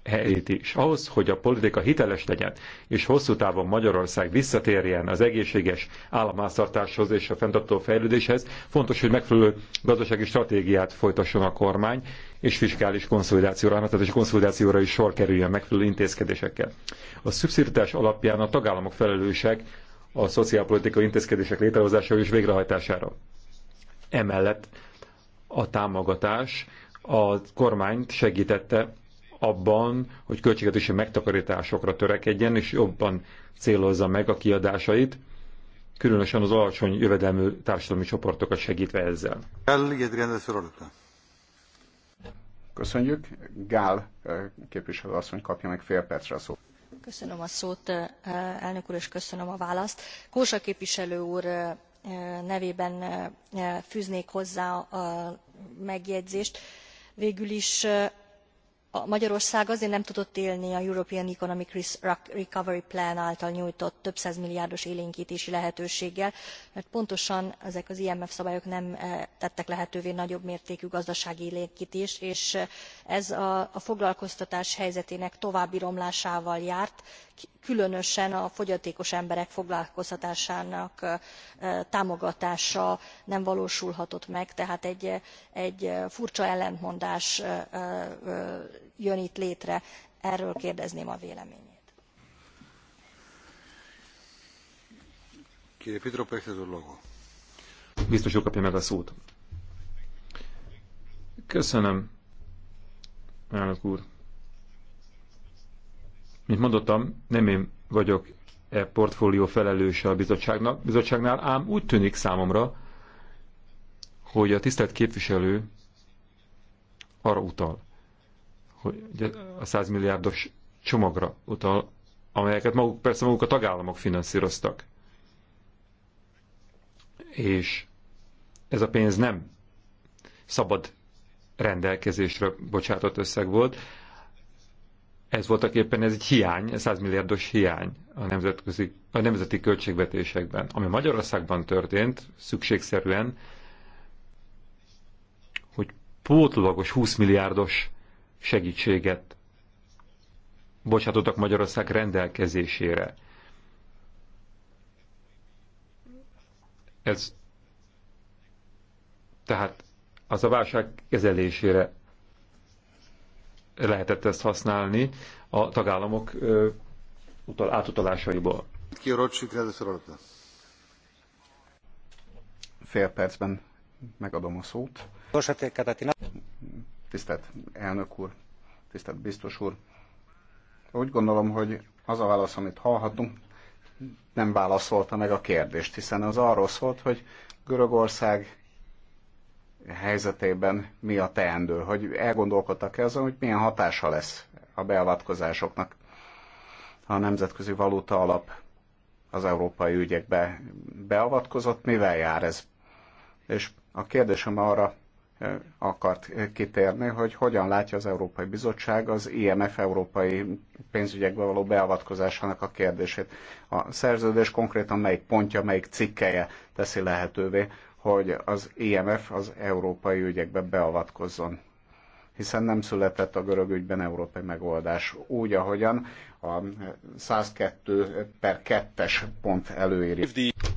helyét is. Ahhoz, hogy a politika hiteles legyen, és hosszú távon Magyarország visszatérjen az egészséges államháztartáshoz és a fenntartó fejlődéshez, fontos, hogy megfelelő gazdasági stratégiát folytasson a kormány, és fiskális konszolidációra, a konszolidációra is sor kerüljön megfelelő intézkedésekkel. A szubszidiás alapján a tagállamok felelősek a szociálpolitikai intézkedések létrehozására és végrehajtására. Emellett a támogatás a kormányt segítette abban, hogy költségetési megtakarításokra törekedjen, és jobban célozza meg a kiadásait, különösen az alacsony jövedelmű társadalmi csoportokat segítve ezzel. Köszönjük. Gál eh, képviselő asszony kapja meg fél percre a szót. Köszönöm a szót, eh, elnök úr, és köszönöm a választ. Kósa képviselő úr eh, nevében fűznék hozzá a megjegyzést. Végül is magyarország azért nem tudott élni a european economic recovery plan által nyújtott több százmilliárdos élénktési lehetőséggel mert pontosan ezek az imf szabályok nem eh, tettek lehetővé nagyobb mértékű gazdasági élénktést és eh, ez a foglalkoztatás helyzetének további romlásával járt különösen a fogyatékos emberek foglalkoztatásának eh, támogatása nem valósulhatott meg tehát egy furcsa ellentmondás jön itt létre erről kérdezném a véleményét. Biztos úr kapja meg a szót. Köszönöm, elnök úr. Mint mondottam, nem én vagyok e portfólió felelőse a bizottságnak, bizottságnál, ám úgy tűnik számomra, hogy a tisztelt képviselő arra utal, hogy a 100 milliárdos csomagra utal, amelyeket maguk, persze maguk a tagállamok finanszíroztak. És ez a pénz nem szabad rendelkezésre bocsátott összeg volt. Ez voltak éppen ez egy hiány, 100 milliárdos hiány a, nemzetközi, a nemzeti költségvetésekben. Ami Magyarországban történt, szükségszerűen, hogy pótlagos 20 milliárdos segítséget bocsátottak Magyarország rendelkezésére. Ez tehát az a válság kezelésére lehetett ezt használni a tagállamok utal, átutalásaiból. Fél percben megadom a szót. Tisztelt elnök úr, tisztelt biztos úr, úgy gondolom, hogy az a válasz, amit hallhatunk, nem válaszolta meg a kérdést, hiszen az arról szólt, hogy Görögország helyzetében mi a teendő, hogy elgondolkodtak -e azon, hogy milyen hatása lesz a beavatkozásoknak a Nemzetközi Valuta Alap az európai ügyekbe beavatkozott, mivel jár ez? És a kérdésem arra akart kitérni, hogy hogyan látja az Európai Bizottság az IMF európai pénzügyekbe való beavatkozásának a kérdését. A szerződés konkrétan melyik pontja, melyik cikkeje teszi lehetővé, hogy az IMF az európai ügyekbe beavatkozzon hiszen nem született a görög ügyben európai megoldás. Úgy, ahogyan a 102 per 2-es pont előírja.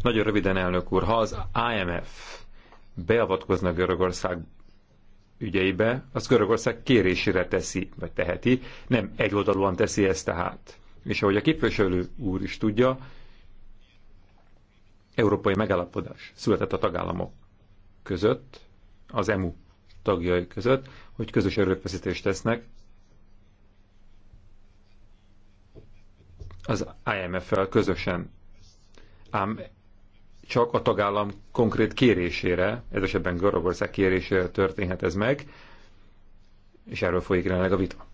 Nagyon röviden, elnök úr, ha az IMF beavatkozna Görögország ügyeibe, az Görögország kérésére teszi, vagy teheti, nem egyoldalúan teszi ezt tehát. És ahogy a képviselő úr is tudja, európai megállapodás született a tagállamok között, az EMU tagjai között, hogy közös erőfeszítést tesznek az IMF-fel közösen. Ám csak a tagállam konkrét kérésére, ez esetben Görögország kérésére történhet ez meg, és erről folyik jelenleg a vita.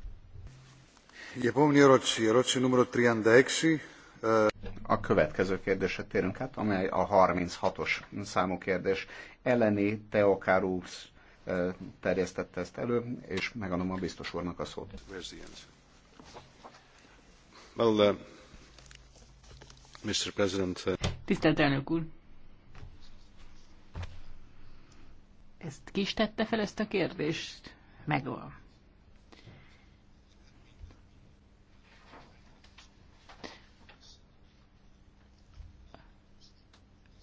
A következő kérdésre térünk át, amely a 36-os számú kérdés. Eleni Teokárusz terjesztette ezt elő, és megadom a biztos úrnak a szót. Well, uh, Mr. President, uh... Tisztelt elnök úr! Ezt ki is tette fel ezt a kérdést? Megvan.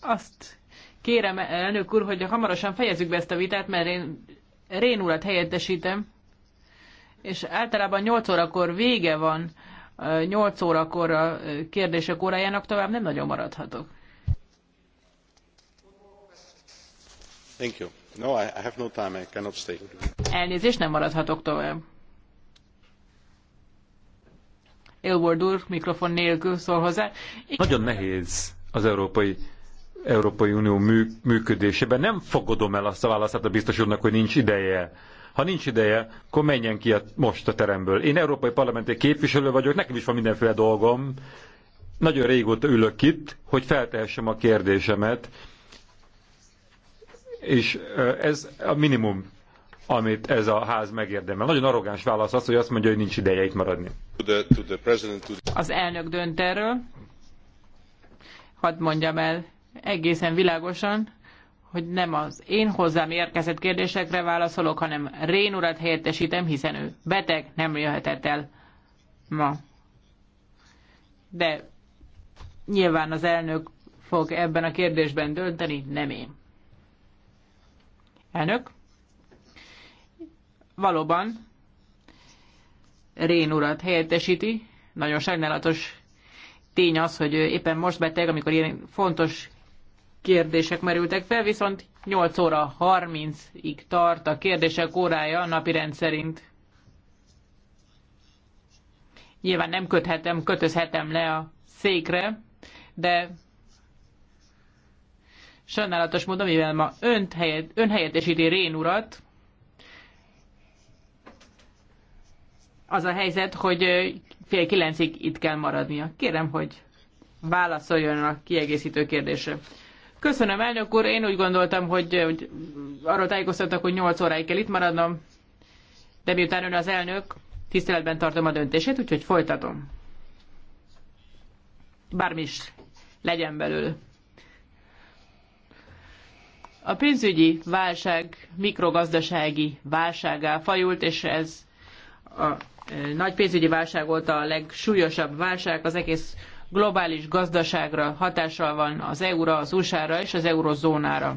Azt kérem, elnök úr, hogy hamarosan fejezzük be ezt a vitát, mert én Rénulat helyettesítem, és általában 8 órakor vége van, 8 órakor a kérdések órájának tovább nem nagyon maradhatok. Thank you. No, I have no time, I cannot stay. Elnézést, nem maradhatok tovább. Ilward úr mikrofon nélkül szól hozzá. Nagyon nehéz az Európai, Európai Unió mű, működésében. Nem fogadom el azt a választát a biztos úrnak, hogy nincs ideje. Ha nincs ideje, akkor menjen ki a, most a teremből. Én Európai Parlamenti képviselő vagyok, nekem is van mindenféle dolgom. Nagyon régóta ülök itt, hogy feltehessem a kérdésemet és ez a minimum, amit ez a ház megérdemel. Nagyon arrogáns válasz az, hogy azt mondja, hogy nincs ideje itt maradni. Az elnök dönt erről. Hadd mondjam el egészen világosan, hogy nem az én hozzám érkezett kérdésekre válaszolok, hanem Rén urat helyettesítem, hiszen ő beteg, nem jöhetett el ma. De nyilván az elnök fog ebben a kérdésben dönteni, nem én. Elnök, valóban Rén urat helyettesíti. Nagyon sajnálatos tény az, hogy éppen most beteg, amikor ilyen fontos kérdések merültek fel, viszont 8 óra 30-ig tart a kérdések órája a rendszerint. Nyilván nem köthetem, kötözhetem le a székre, de Sajnálatos módon, mivel ma önt helyet, ön helyettesíti Rén urat, az a helyzet, hogy fél kilencig itt kell maradnia. Kérem, hogy válaszoljon a kiegészítő kérdésre. Köszönöm, elnök úr. Én úgy gondoltam, hogy, hogy arról tájékoztattak, hogy 8 óráig kell itt maradnom, de miután ön az elnök, tiszteletben tartom a döntését, úgyhogy folytatom. Bármi is legyen belőle. A pénzügyi válság mikrogazdasági válságá fajult, és ez a e, nagy pénzügyi válság volt a legsúlyosabb válság, az egész globális gazdaságra hatással van az EU-ra, az USA-ra és az eurozónára.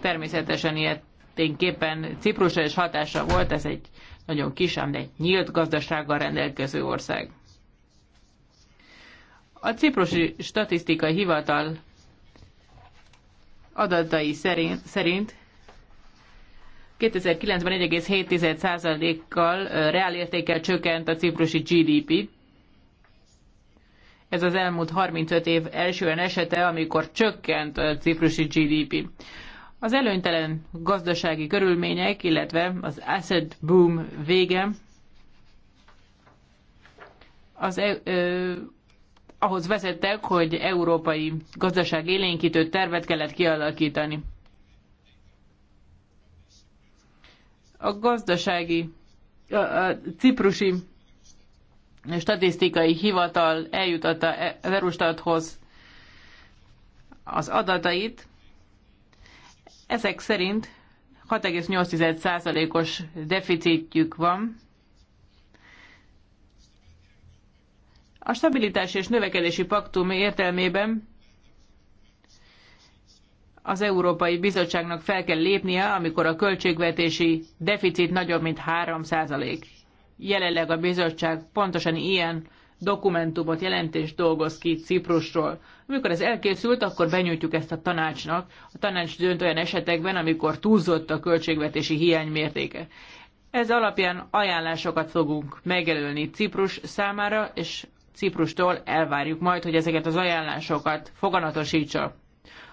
Természetesen ilyeténképpen Ciprusra is hatása volt, ez egy nagyon kis, ám de egy nyílt gazdasággal rendelkező ország. A ciprusi statisztikai hivatal adatai szerint, szerint 2009-ben 1,7%-kal reálértékkel csökkent a ciprusi GDP. Ez az elmúlt 35 év első olyan esete, amikor csökkent a ciprusi GDP. Az előnytelen gazdasági körülmények, illetve az asset boom vége az e- ahhoz vezettek, hogy európai gazdaság élénkítő tervet kellett kialakítani. A gazdasági, a, a ciprusi statisztikai hivatal eljutatta az Erustathoz az adatait. Ezek szerint 6,8%-os deficitjük van, A stabilitás és növekedési paktum értelmében az Európai Bizottságnak fel kell lépnie, amikor a költségvetési deficit nagyobb, mint 3 százalék. Jelenleg a bizottság pontosan ilyen dokumentumot, jelentést dolgoz ki Ciprusról. Amikor ez elkészült, akkor benyújtjuk ezt a tanácsnak. A tanács dönt olyan esetekben, amikor túlzott a költségvetési hiány mértéke. Ez alapján ajánlásokat fogunk megelőni Ciprus számára, és Ciprustól elvárjuk majd, hogy ezeket az ajánlásokat foganatosítsa.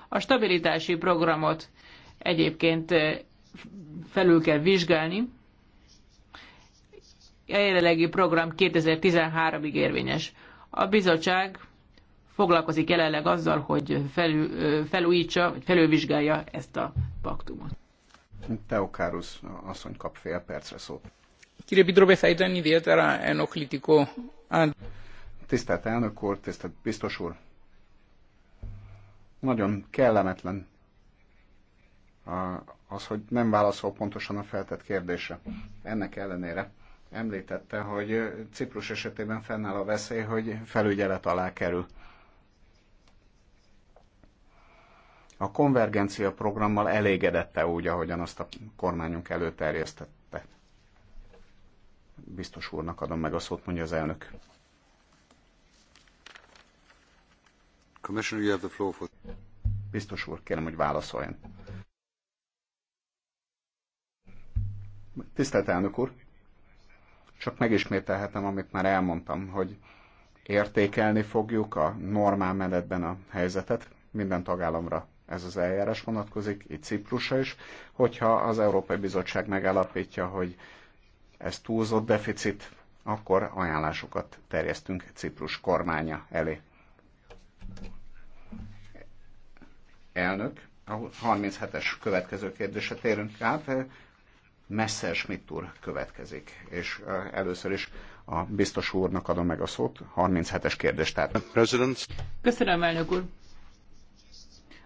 A stabilitási programot egyébként eh, felül kell vizsgálni. A jelenlegi program 2013-ig érvényes. A bizottság foglalkozik jelenleg azzal, hogy felül, eh, felújítsa, vagy felülvizsgálja ezt a paktumot. Teokárusz asszony kap fél percre szót. Kire Pitrópe, Fejteni ήταν a Tisztelt elnök úr, tisztelt biztos úr! Nagyon kellemetlen az, hogy nem válaszol pontosan a feltett kérdése Ennek ellenére említette, hogy Ciprus esetében fennáll a veszély, hogy felügyelet alá kerül. A konvergencia programmal elégedette úgy, ahogyan azt a kormányunk előterjesztette. Biztos úrnak adom meg a szót, mondja az elnök. Commissioner, you have the floor for... Biztos úr, kérem, hogy válaszoljon. Tisztelt elnök úr, csak megismételhetem, amit már elmondtam, hogy értékelni fogjuk a normál menetben a helyzetet, minden tagállamra ez az eljárás vonatkozik, itt Ciprusra is, hogyha az Európai Bizottság megállapítja, hogy ez túlzott deficit, akkor ajánlásokat terjesztünk Ciprus kormánya elé. elnök. A 37-es következő kérdése térünk át. Messerschmitt úr következik, és először is a biztos úrnak adom meg a szót, 37-es kérdés. Tehát. President. Köszönöm, elnök úr.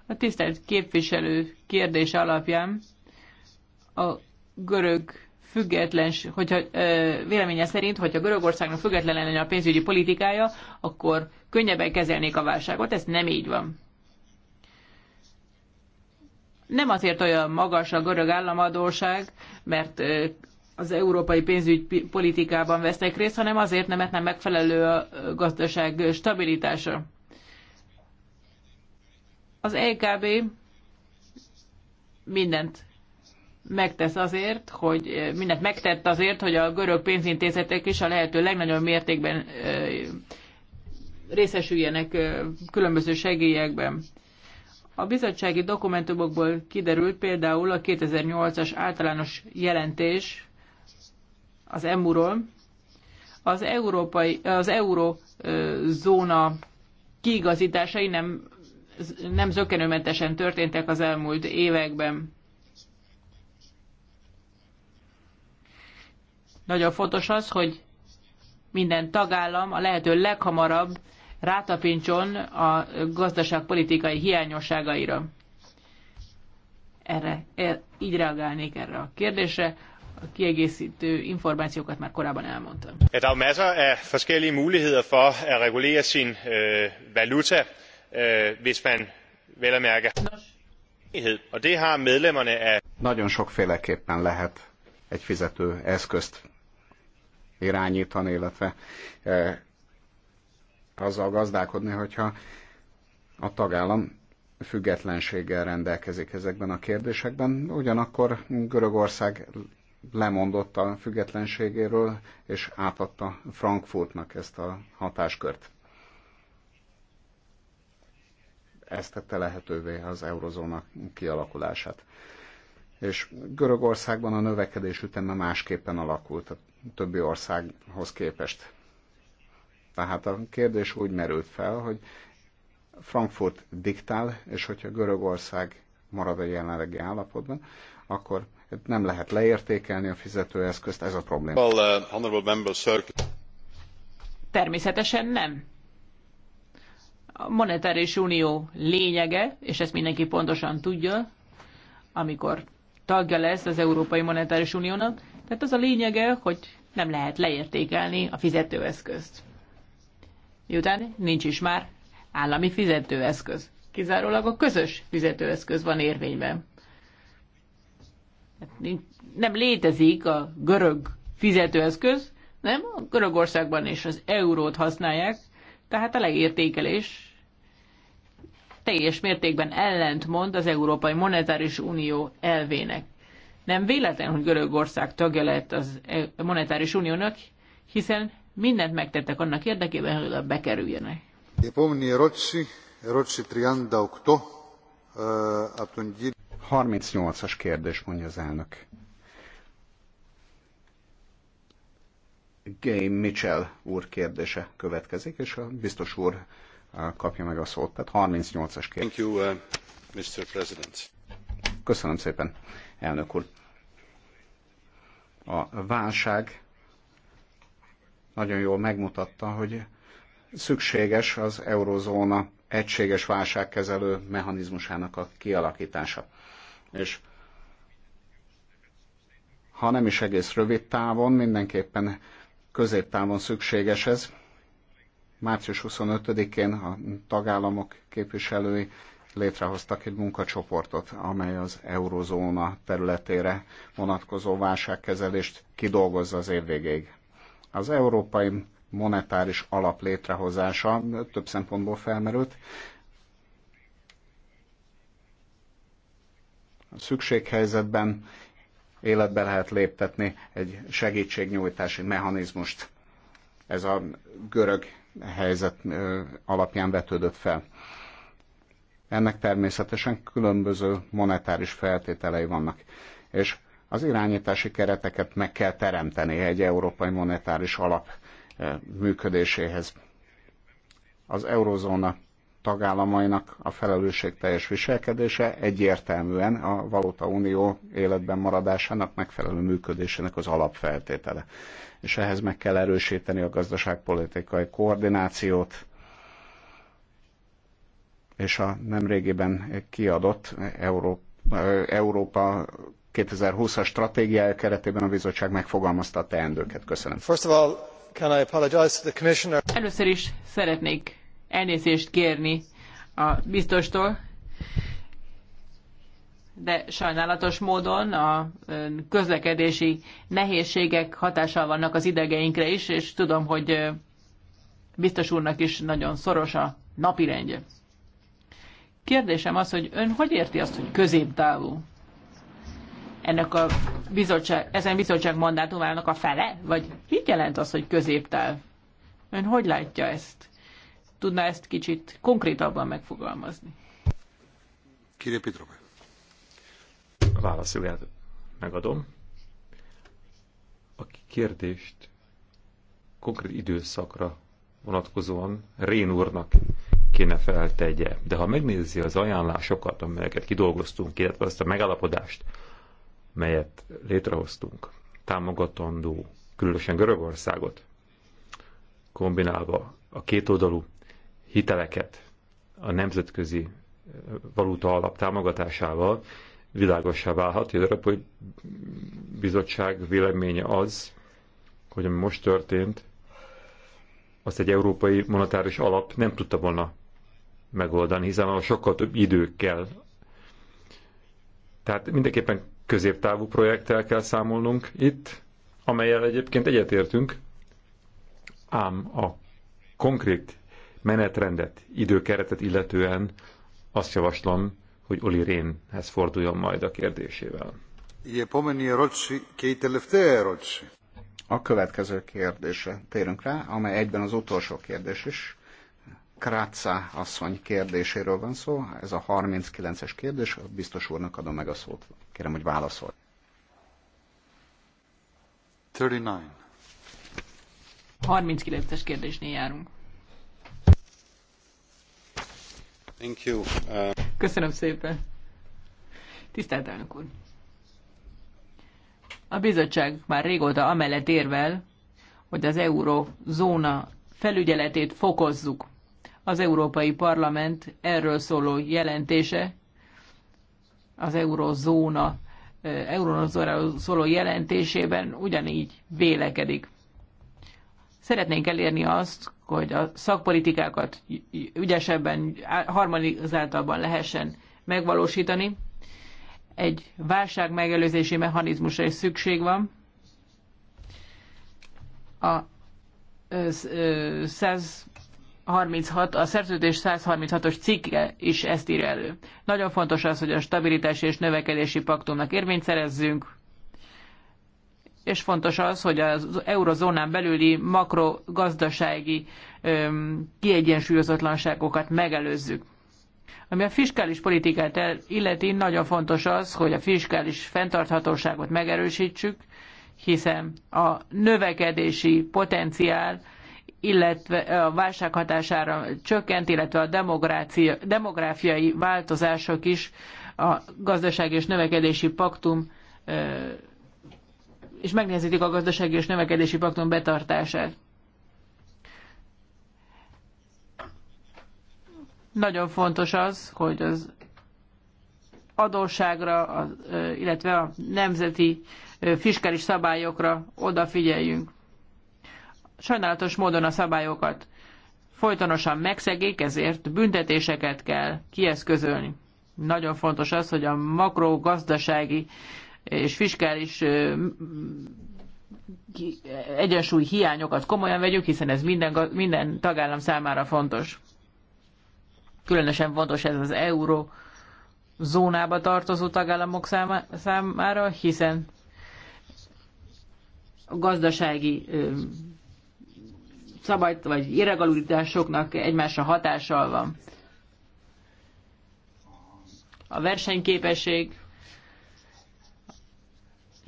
A tisztelt képviselő kérdés alapján a görög függetlens, hogyha véleménye szerint, hogyha Görögországnak független lenne a pénzügyi politikája, akkor könnyebben kezelnék a válságot. Ez nem így van. Nem azért olyan magas a görög államadóság, mert az európai pénzügy politikában vesznek részt, hanem azért, nem, mert nem megfelelő a gazdaság stabilitása. Az EKB mindent megtesz azért, hogy mindent megtett azért, hogy a görög pénzintézetek is a lehető legnagyobb mértékben részesüljenek különböző segélyekben. A bizottsági dokumentumokból kiderült például a 2008-as általános jelentés az EMU-ról, az, európai, az eurozóna kiigazításai nem, nem zökenőmentesen történtek az elmúlt években. Nagyon fontos az, hogy minden tagállam a lehető leghamarabb rátapintson a gazdaságpolitikai hiányosságaira. Erre, er, így reagálnék erre a kérdésre. A kiegészítő információkat már korábban elmondtam. Ja, der er masser af forskellige muligheder for at regulere sin øh, valuta, øh, hvis man vel at mærke. Og det har medlemmerne af... Nagyon sokféleképpen lehet egy fizető eszközt irányítani, illetve azzal gazdálkodni, hogyha a tagállam függetlenséggel rendelkezik ezekben a kérdésekben. Ugyanakkor Görögország lemondott a függetlenségéről, és átadta Frankfurtnak ezt a hatáskört. Ezt tette lehetővé az eurozóna kialakulását. És Görögországban a növekedés üteme másképpen alakult a többi országhoz képest tehát a kérdés úgy merült fel, hogy Frankfurt diktál, és hogyha Görögország marad a jelenlegi állapotban, akkor nem lehet leértékelni a fizetőeszközt, ez a probléma. Well, uh, member, sir. Természetesen nem. A monetáris unió lényege, és ezt mindenki pontosan tudja, amikor tagja lesz az Európai Monetáris Uniónak, tehát az a lényege, hogy nem lehet leértékelni a fizetőeszközt miután nincs is már állami fizetőeszköz. Kizárólag a közös fizetőeszköz van érvényben. Hát nem létezik a görög fizetőeszköz, nem? A Görögországban is az eurót használják, tehát a leértékelés teljes mértékben ellentmond az Európai Monetáris Unió elvének. Nem véletlen, hogy Görögország tagja lett az e- Monetáris Uniónak, hiszen mindent megtettek annak érdekében, hogy oda bekerüljenek. Επόμενη ερώτηση, 38, από τον 38-as kérdés, mondja az elnök. Gay Mitchell úr kérdése következik, és a biztos úr kapja meg a szót. Tehát 38-as kérdés. Thank you, uh, Mr. President. Köszönöm szépen, elnök úr. A válság nagyon jól megmutatta, hogy szükséges az eurozóna egységes válságkezelő mechanizmusának a kialakítása. És ha nem is egész rövid távon, mindenképpen középtávon szükséges ez. Március 25-én a tagállamok képviselői létrehoztak egy munkacsoportot, amely az eurozóna területére vonatkozó válságkezelést kidolgozza az év végéig. Az európai monetáris alap létrehozása több szempontból felmerült. A szükséghelyzetben életbe lehet léptetni egy segítségnyújtási mechanizmust. Ez a görög helyzet alapján vetődött fel. Ennek természetesen különböző monetáris feltételei vannak. És az irányítási kereteket meg kell teremteni egy európai monetáris alap eh, működéséhez. Az eurozóna tagállamainak a teljes viselkedése egyértelműen a valóta Unió életben maradásának megfelelő működésének az alapfeltétele. És ehhez meg kell erősíteni a gazdaságpolitikai koordinációt, és a nemrégiben kiadott eh, Európa, Európa 2020-as stratégiája keretében a bizottság megfogalmazta a teendőket. Köszönöm. Először is szeretnék elnézést kérni a biztostól, de sajnálatos módon a közlekedési nehézségek hatással vannak az idegeinkre is, és tudom, hogy biztos úrnak is nagyon szoros a napirendje. Kérdésem az, hogy ön hogy érti azt, hogy középtávú? ennek a bizottság, ezen bizottság mandátumának a fele? Vagy mit jelent az, hogy középtáv? Ön hogy látja ezt? Tudná ezt kicsit konkrétabban megfogalmazni? Kire Pitrova. A válaszolját megadom. A kérdést konkrét időszakra vonatkozóan Rén úrnak kéne feltegye. De ha megnézi az ajánlásokat, amelyeket kidolgoztunk, illetve azt a megállapodást, melyet létrehoztunk, támogatandó, különösen Görögországot, kombinálva a kétoldalú hiteleket a nemzetközi eh, valuta alap támogatásával, világosá válhat, hogy az Európai Bizottság véleménye az, hogy ami most történt, azt egy európai monetáris alap nem tudta volna megoldani, hiszen a sokkal több idő kell. Tehát mindenképpen középtávú projekttel kell számolnunk itt, amelyel egyébként egyetértünk, ám a konkrét menetrendet, időkeretet illetően azt javaslom, hogy Oli Rénhez forduljon majd a kérdésével. A következő kérdésre térünk rá, amely egyben az utolsó kérdés is. Kráca asszony kérdéséről van szó, ez a 39-es kérdés, biztos úrnak adom meg a szót. Kérem, hogy válaszol. 39. 39-es kérdésnél járunk. Thank you. Uh... Köszönöm szépen. Tisztelt elnök úr! A bizottság már régóta amellett érvel, hogy az eurózóna felügyeletét fokozzuk. Az Európai Parlament erről szóló jelentése az eurozóna eurozóra szóló jelentésében ugyanígy vélekedik. Szeretnénk elérni azt, hogy a szakpolitikákat ügyesebben, harmonizáltabban lehessen megvalósítani. Egy válság megelőzési mechanizmusra is szükség van. A 100 136, a szerződés 136-os cikke is ezt írja elő. Nagyon fontos az, hogy a stabilitási és növekedési paktumnak érvényt szerezzünk, és fontos az, hogy az eurozónán belüli makrogazdasági öm, kiegyensúlyozatlanságokat megelőzzük. Ami a fiskális politikát illeti, nagyon fontos az, hogy a fiskális fenntarthatóságot megerősítsük, hiszen a növekedési potenciál illetve a válság hatására csökkent, illetve a demográfiai változások is a gazdaság és növekedési paktum és megnézhetik a gazdasági és növekedési paktum betartását. Nagyon fontos az, hogy az adósságra, illetve a nemzeti fiskális szabályokra odafigyeljünk sajnálatos módon a szabályokat folytonosan megszegik, ezért büntetéseket kell kieszközölni. Nagyon fontos az, hogy a makrogazdasági és fiskális egyensúly hiányokat komolyan vegyük, hiszen ez minden, minden tagállam számára fontos. Különösen fontos ez az euró zónába tartozó tagállamok számára, hiszen a gazdasági szabály vagy irregularitásoknak egymásra hatással van. A versenyképesség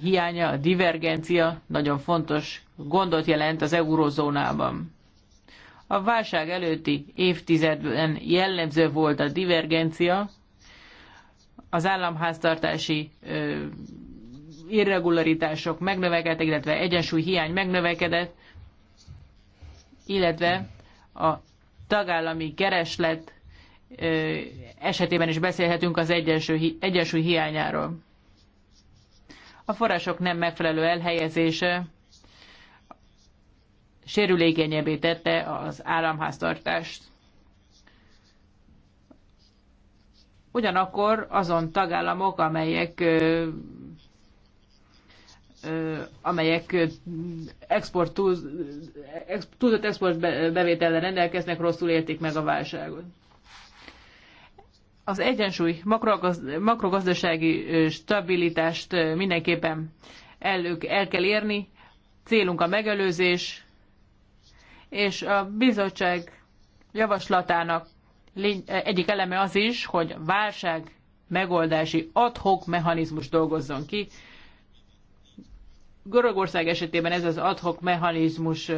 hiánya, a divergencia nagyon fontos gondot jelent az eurozónában. A válság előtti évtizedben jellemző volt a divergencia, az államháztartási irregularitások megnövekedtek, illetve egyensúly hiány megnövekedett, illetve a tagállami kereslet esetében is beszélhetünk az egyensúly, hiányáról. A források nem megfelelő elhelyezése sérülékenyebbé tette az államháztartást. Ugyanakkor azon tagállamok, amelyek amelyek export túlzott export bevétellel rendelkeznek, rosszul érték meg a válságot. Az egyensúly makrogazdasági stabilitást mindenképpen el, el kell érni, célunk a megelőzés, és a bizottság javaslatának egyik eleme az is, hogy válság megoldási adhok mechanizmus dolgozzon ki, Görögország esetében ez az adhok mechanizmus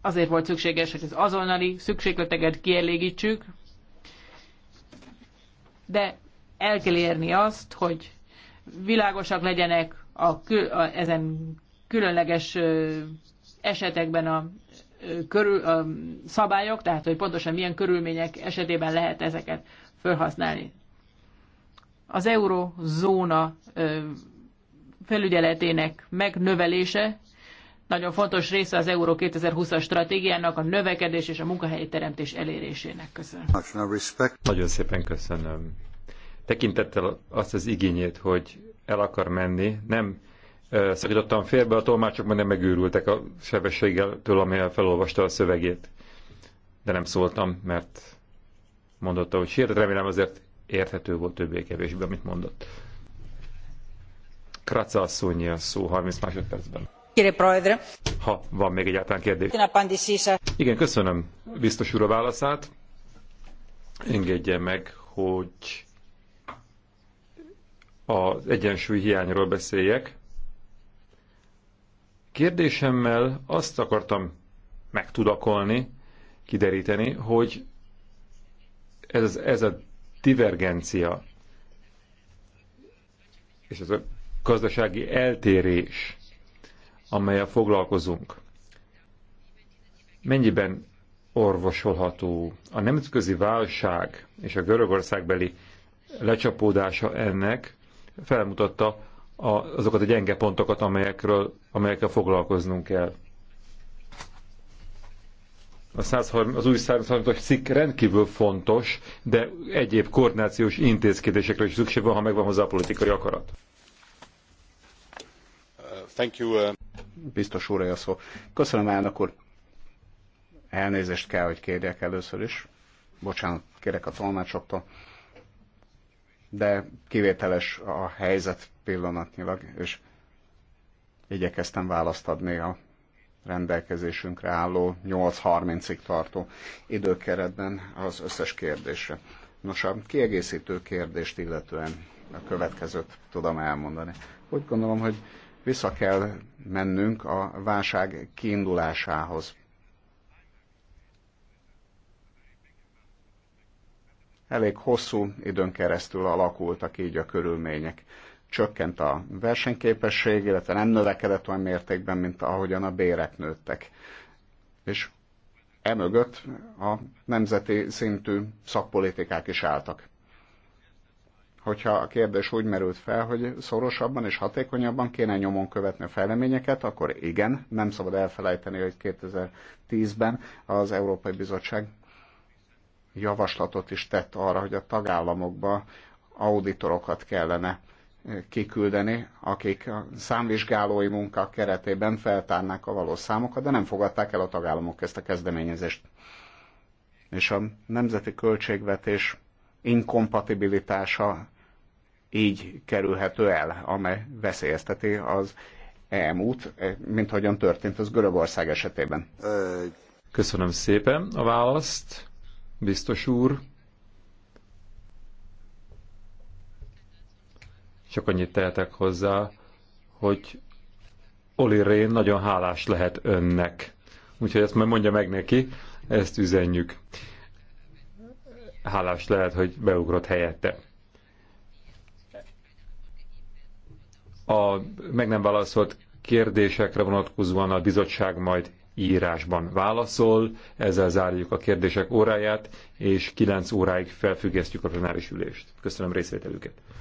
azért volt szükséges, hogy az azonnali szükségleteket kielégítsük, de el kell érni azt, hogy világosak legyenek a, kül, a ezen különleges esetekben a, körül, a szabályok, tehát hogy pontosan milyen körülmények esetében lehet ezeket felhasználni. Az eurozóna felügyeletének megnövelése nagyon fontos része az Euró 2020-as stratégiának, a növekedés és a munkahelyi teremtés elérésének. Köszönöm. Nagyon szépen köszönöm. Tekintettel azt az igényét, hogy el akar menni, nem szakítottam félbe a tolmácsok, nem megőrültek a sebességgel, amivel felolvasta a szövegét. De nem szóltam, mert mondotta, hogy sírt, remélem azért érthető volt többé-kevésbé, amit mondott. Kraca asszonyi a szó 30 másodpercben. Ha van még egyáltalán kérdés. Igen, köszönöm biztos úr a válaszát. Engedje meg, hogy az egyensúly hiányról beszéljek. Kérdésemmel azt akartam megtudakolni, kideríteni, hogy ez, ez a divergencia és ez a gazdasági eltérés, amelyel foglalkozunk, mennyiben orvosolható? A nemzetközi válság és a görögországbeli lecsapódása ennek felmutatta a, azokat a gyenge pontokat, amelyekről, amelyekkel foglalkoznunk kell. A 130, az új 130 os cikk rendkívül fontos, de egyéb koordinációs intézkedésekre is szükség van, ha megvan hozzá a politikai akarat. Uh, Biztos úr, a szó. Köszönöm, elnök úr. Elnézést kell, hogy kérjek először is. Bocsánat, kérek a tolmácsoktól. De kivételes a helyzet pillanatnyilag, és igyekeztem választ adni a rendelkezésünkre álló 8.30-ig tartó időkeretben az összes kérdésre. Nos, a kiegészítő kérdést illetően a következőt tudom elmondani. Úgy gondolom, hogy vissza kell mennünk a válság kiindulásához. Elég hosszú időn keresztül alakultak így a körülmények. Csökkent a versenyképesség, illetve nem növekedett olyan mértékben, mint ahogyan a bérek nőttek. És emögött a nemzeti szintű szakpolitikák is álltak hogyha a kérdés úgy merült fel, hogy szorosabban és hatékonyabban kéne nyomon követni a fejleményeket, akkor igen, nem szabad elfelejteni, hogy 2010-ben az Európai Bizottság javaslatot is tett arra, hogy a tagállamokba auditorokat kellene eh, kiküldeni, akik a számvizsgálói munka keretében feltárnák a valós számokat, de nem fogadták el a tagállamok ezt a kezdeményezést. És a nemzeti költségvetés inkompatibilitása így kerülhető el, amely veszélyezteti az EMU-t, mint hogyan történt az Görögország esetében. Köszönöm szépen a választ, biztos úr. Csak annyit tehetek hozzá, hogy Oli Rén nagyon hálás lehet önnek. Úgyhogy ezt majd mondja meg neki, ezt üzenjük hálás lehet, hogy beugrott helyette. A meg nem válaszolt kérdésekre vonatkozóan a bizottság majd írásban válaszol, ezzel zárjuk a kérdések óráját, és 9 óráig felfüggesztjük a plenáris ülést. Köszönöm részvételüket!